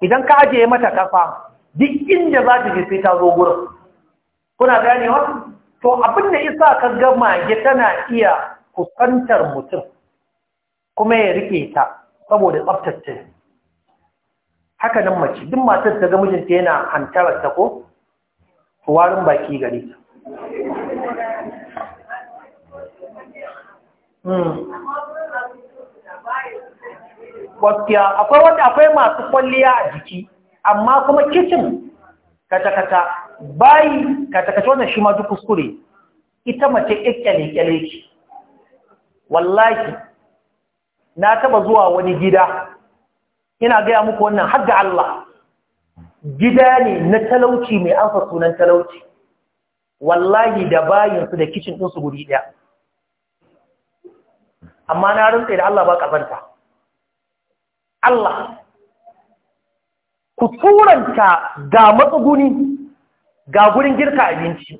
idan ka ajiye mata kafa duk inda za ta je ta zo gurin kuna ganewa to abin da isa ka ga mage tana iya kusantar mutum kuma ya rike ta saboda tsaftace haka nan mace duk matar ta ga mijinta yana hantarar ta ko warin baki gare Gaskiya akwai wanda akwai masu kwalliya a jiki, amma kuma kicin katakata bayi katakata wannan shi ma duk kuskure, ita mace ƙyalƙyale ce. Wallahi, na taba zuwa wani gida, ina gaya muku wannan Hadda Allah, gida ne na talauci mai amsa sunan talauci, wallahi da bayinsu da kicin ɗinsu guri ɗaya. amma na rantse da Allah ba kazanta Allah ku turanta ga matsuguni ga gurin girka abinci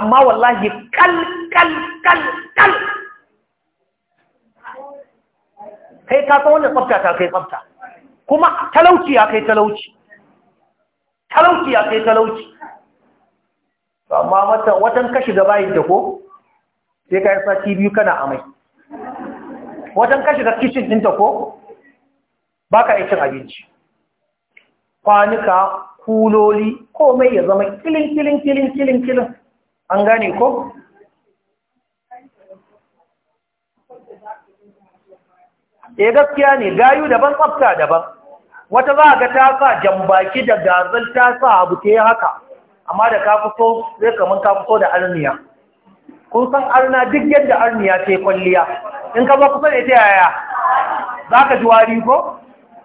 amma wallahi kal kal kal kal kai ka san wannan tsafta ta kai tsafta kuma talauci ya kai talauci talauci ya kai talauci amma watan kashi gaba yin ko sai ka yi sati biyu kana amai wajen ka shiga kishin ɗinta ko ba ka cin abinci kwanuka kuloli komai ya zama kilin kilin kilin kilin kilin an gane ko e gaskiya ne gayu daban tsafta daban wata za ga ta sa jambaki da gazal ta sa abu ke haka amma da kafuso zai kamar kafuso da arniya kun san arna duk yadda arniya ta yi kwalliya in ka zo kusa da ita yaya za ka ji ko?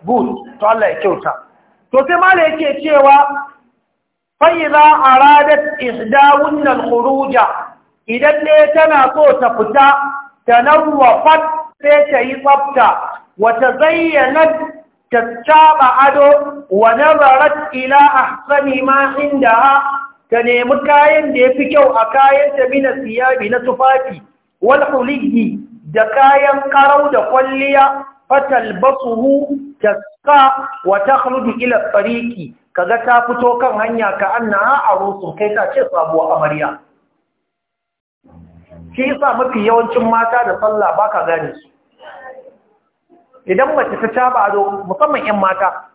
gud to Allah ya kyauta to sai yake cewa fayyaza a radar isda kuruja idan ne tana so ta fita ta nawafat sai ta yi tsabta wata zayyana ta ado wa nazarat ila ahsani ma inda ha ta nemi kayan da ya fi kyau a kayan ta mina siyabi na tufafi wal huligi da kayan karau da kwalliya fatal fatalbasuhu tasqa wa takhruju ila ka ga ta fito kan hanya ka annaha rusun kai ta ce sabuwar amarya shi yasa mafi yawancin mata da sallah baka gane su idan mace ta caba ado musamman ƴan mata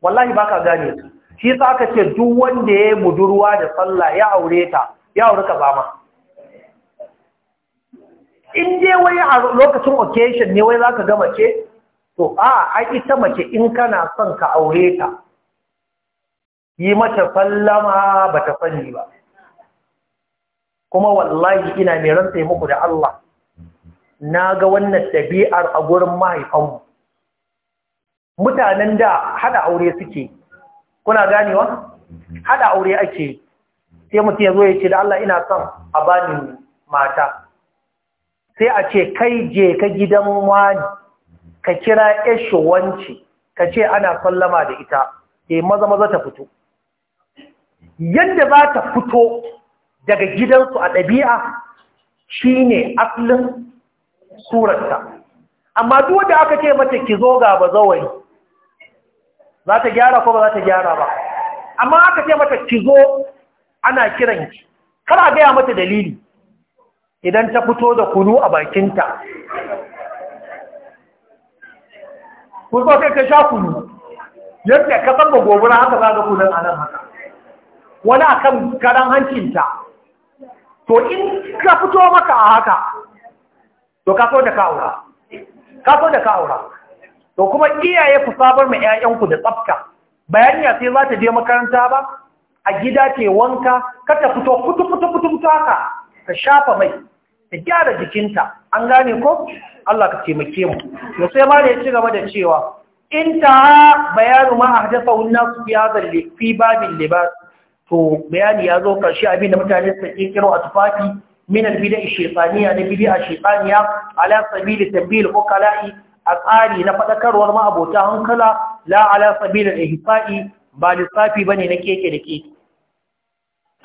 wallahi baka gane su shi yasa aka ce duk wanda ya yi budurwa da sallah ya aure ta ya aure ka ba ma in je wai a lokacin occasion ne wai za ka gama ce to a a ita mace in kana son ka aure ta yi mata sallama ba ta sani ba kuma wallahi ina mai rantsa muku da Allah na ga wannan ɗabi'ar a gurin mahaifanmu mutanen da haɗa aure suke kuna ganewa haɗa aure ake sai mutum ya zo ya ce da Allah ina son a bani mata sai a ce kai je ka gidan wani ka kira yashi wanci ka ce ana sallama da ita ke eh, maza maza ta fito yadda za ta fito daga gidansu a ɗabi'a shi ne asalin surarta amma duk da aka ce mace ki zo ga bazawari za ta gyara ko ba za ta gyara ba amma aka ce mace ki zo ana kiranki kar a gaya mata dalili idan ta fito da kunu a bakinta kuma kai ka sha kunu yadda ka san ba gobara haka za ga kunun a nan haka wani a kan karan hancinta to in ka fito maka a haka to ka so da ka aura ka so da ka to kuma iyaye ku sabar mai 'ya'yanku da tsafta bayan ya sai za ta je makaranta ba a gida ce wanka ka ta fito fito fito fito haka Ka shafa mai ta gyara jikinta an gane ko Allah ka taimake mu to sai ma ya ci gaba da cewa in ta bayanu ma ahdatha an-nas fi hadha fi babin libas to bayani ya zo karshe abin da mutane suka kirkiro a tufafi min al-bid'a ash-shaytaniyya da bid'a ash-shaytaniyya ala sabili tabil uqala'i a tsari na fadakarwar ma abota hankala la ala sabili al ba lissafi bane na keke da keke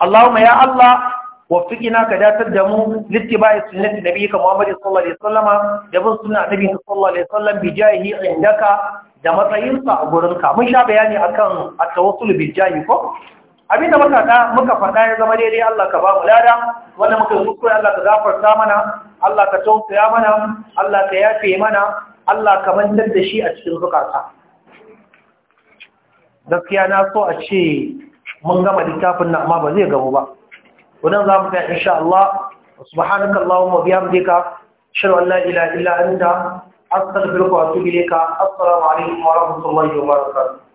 Allahumma ya Allah وفقنا كذا تدمو لاتباع سنة نبيك محمد صلى الله عليه وسلم يبن سنة نبيك صلى الله عليه وسلم بجاهه عندك da matsayinsa a ka. mun sha bayani akan at-tawassul ko abin da muka muka faɗa ya zama daidai Allah ka ba mu lada wanda muka kuskure Allah ka gafarta mana Allah ka tausaya mana Allah ka yafe mana Allah ka mantar da shi a cikin zukata gaskiya na so a ce mun gama littafin nan amma ba zai gamu ba wannan za mu kai insha Allah subhanaka allahumma bihamdika ashhadu an la ilaha illa anta astaghfiruka wa atubu ilayka assalamu alaikum wa rahmatullahi wa barakatuh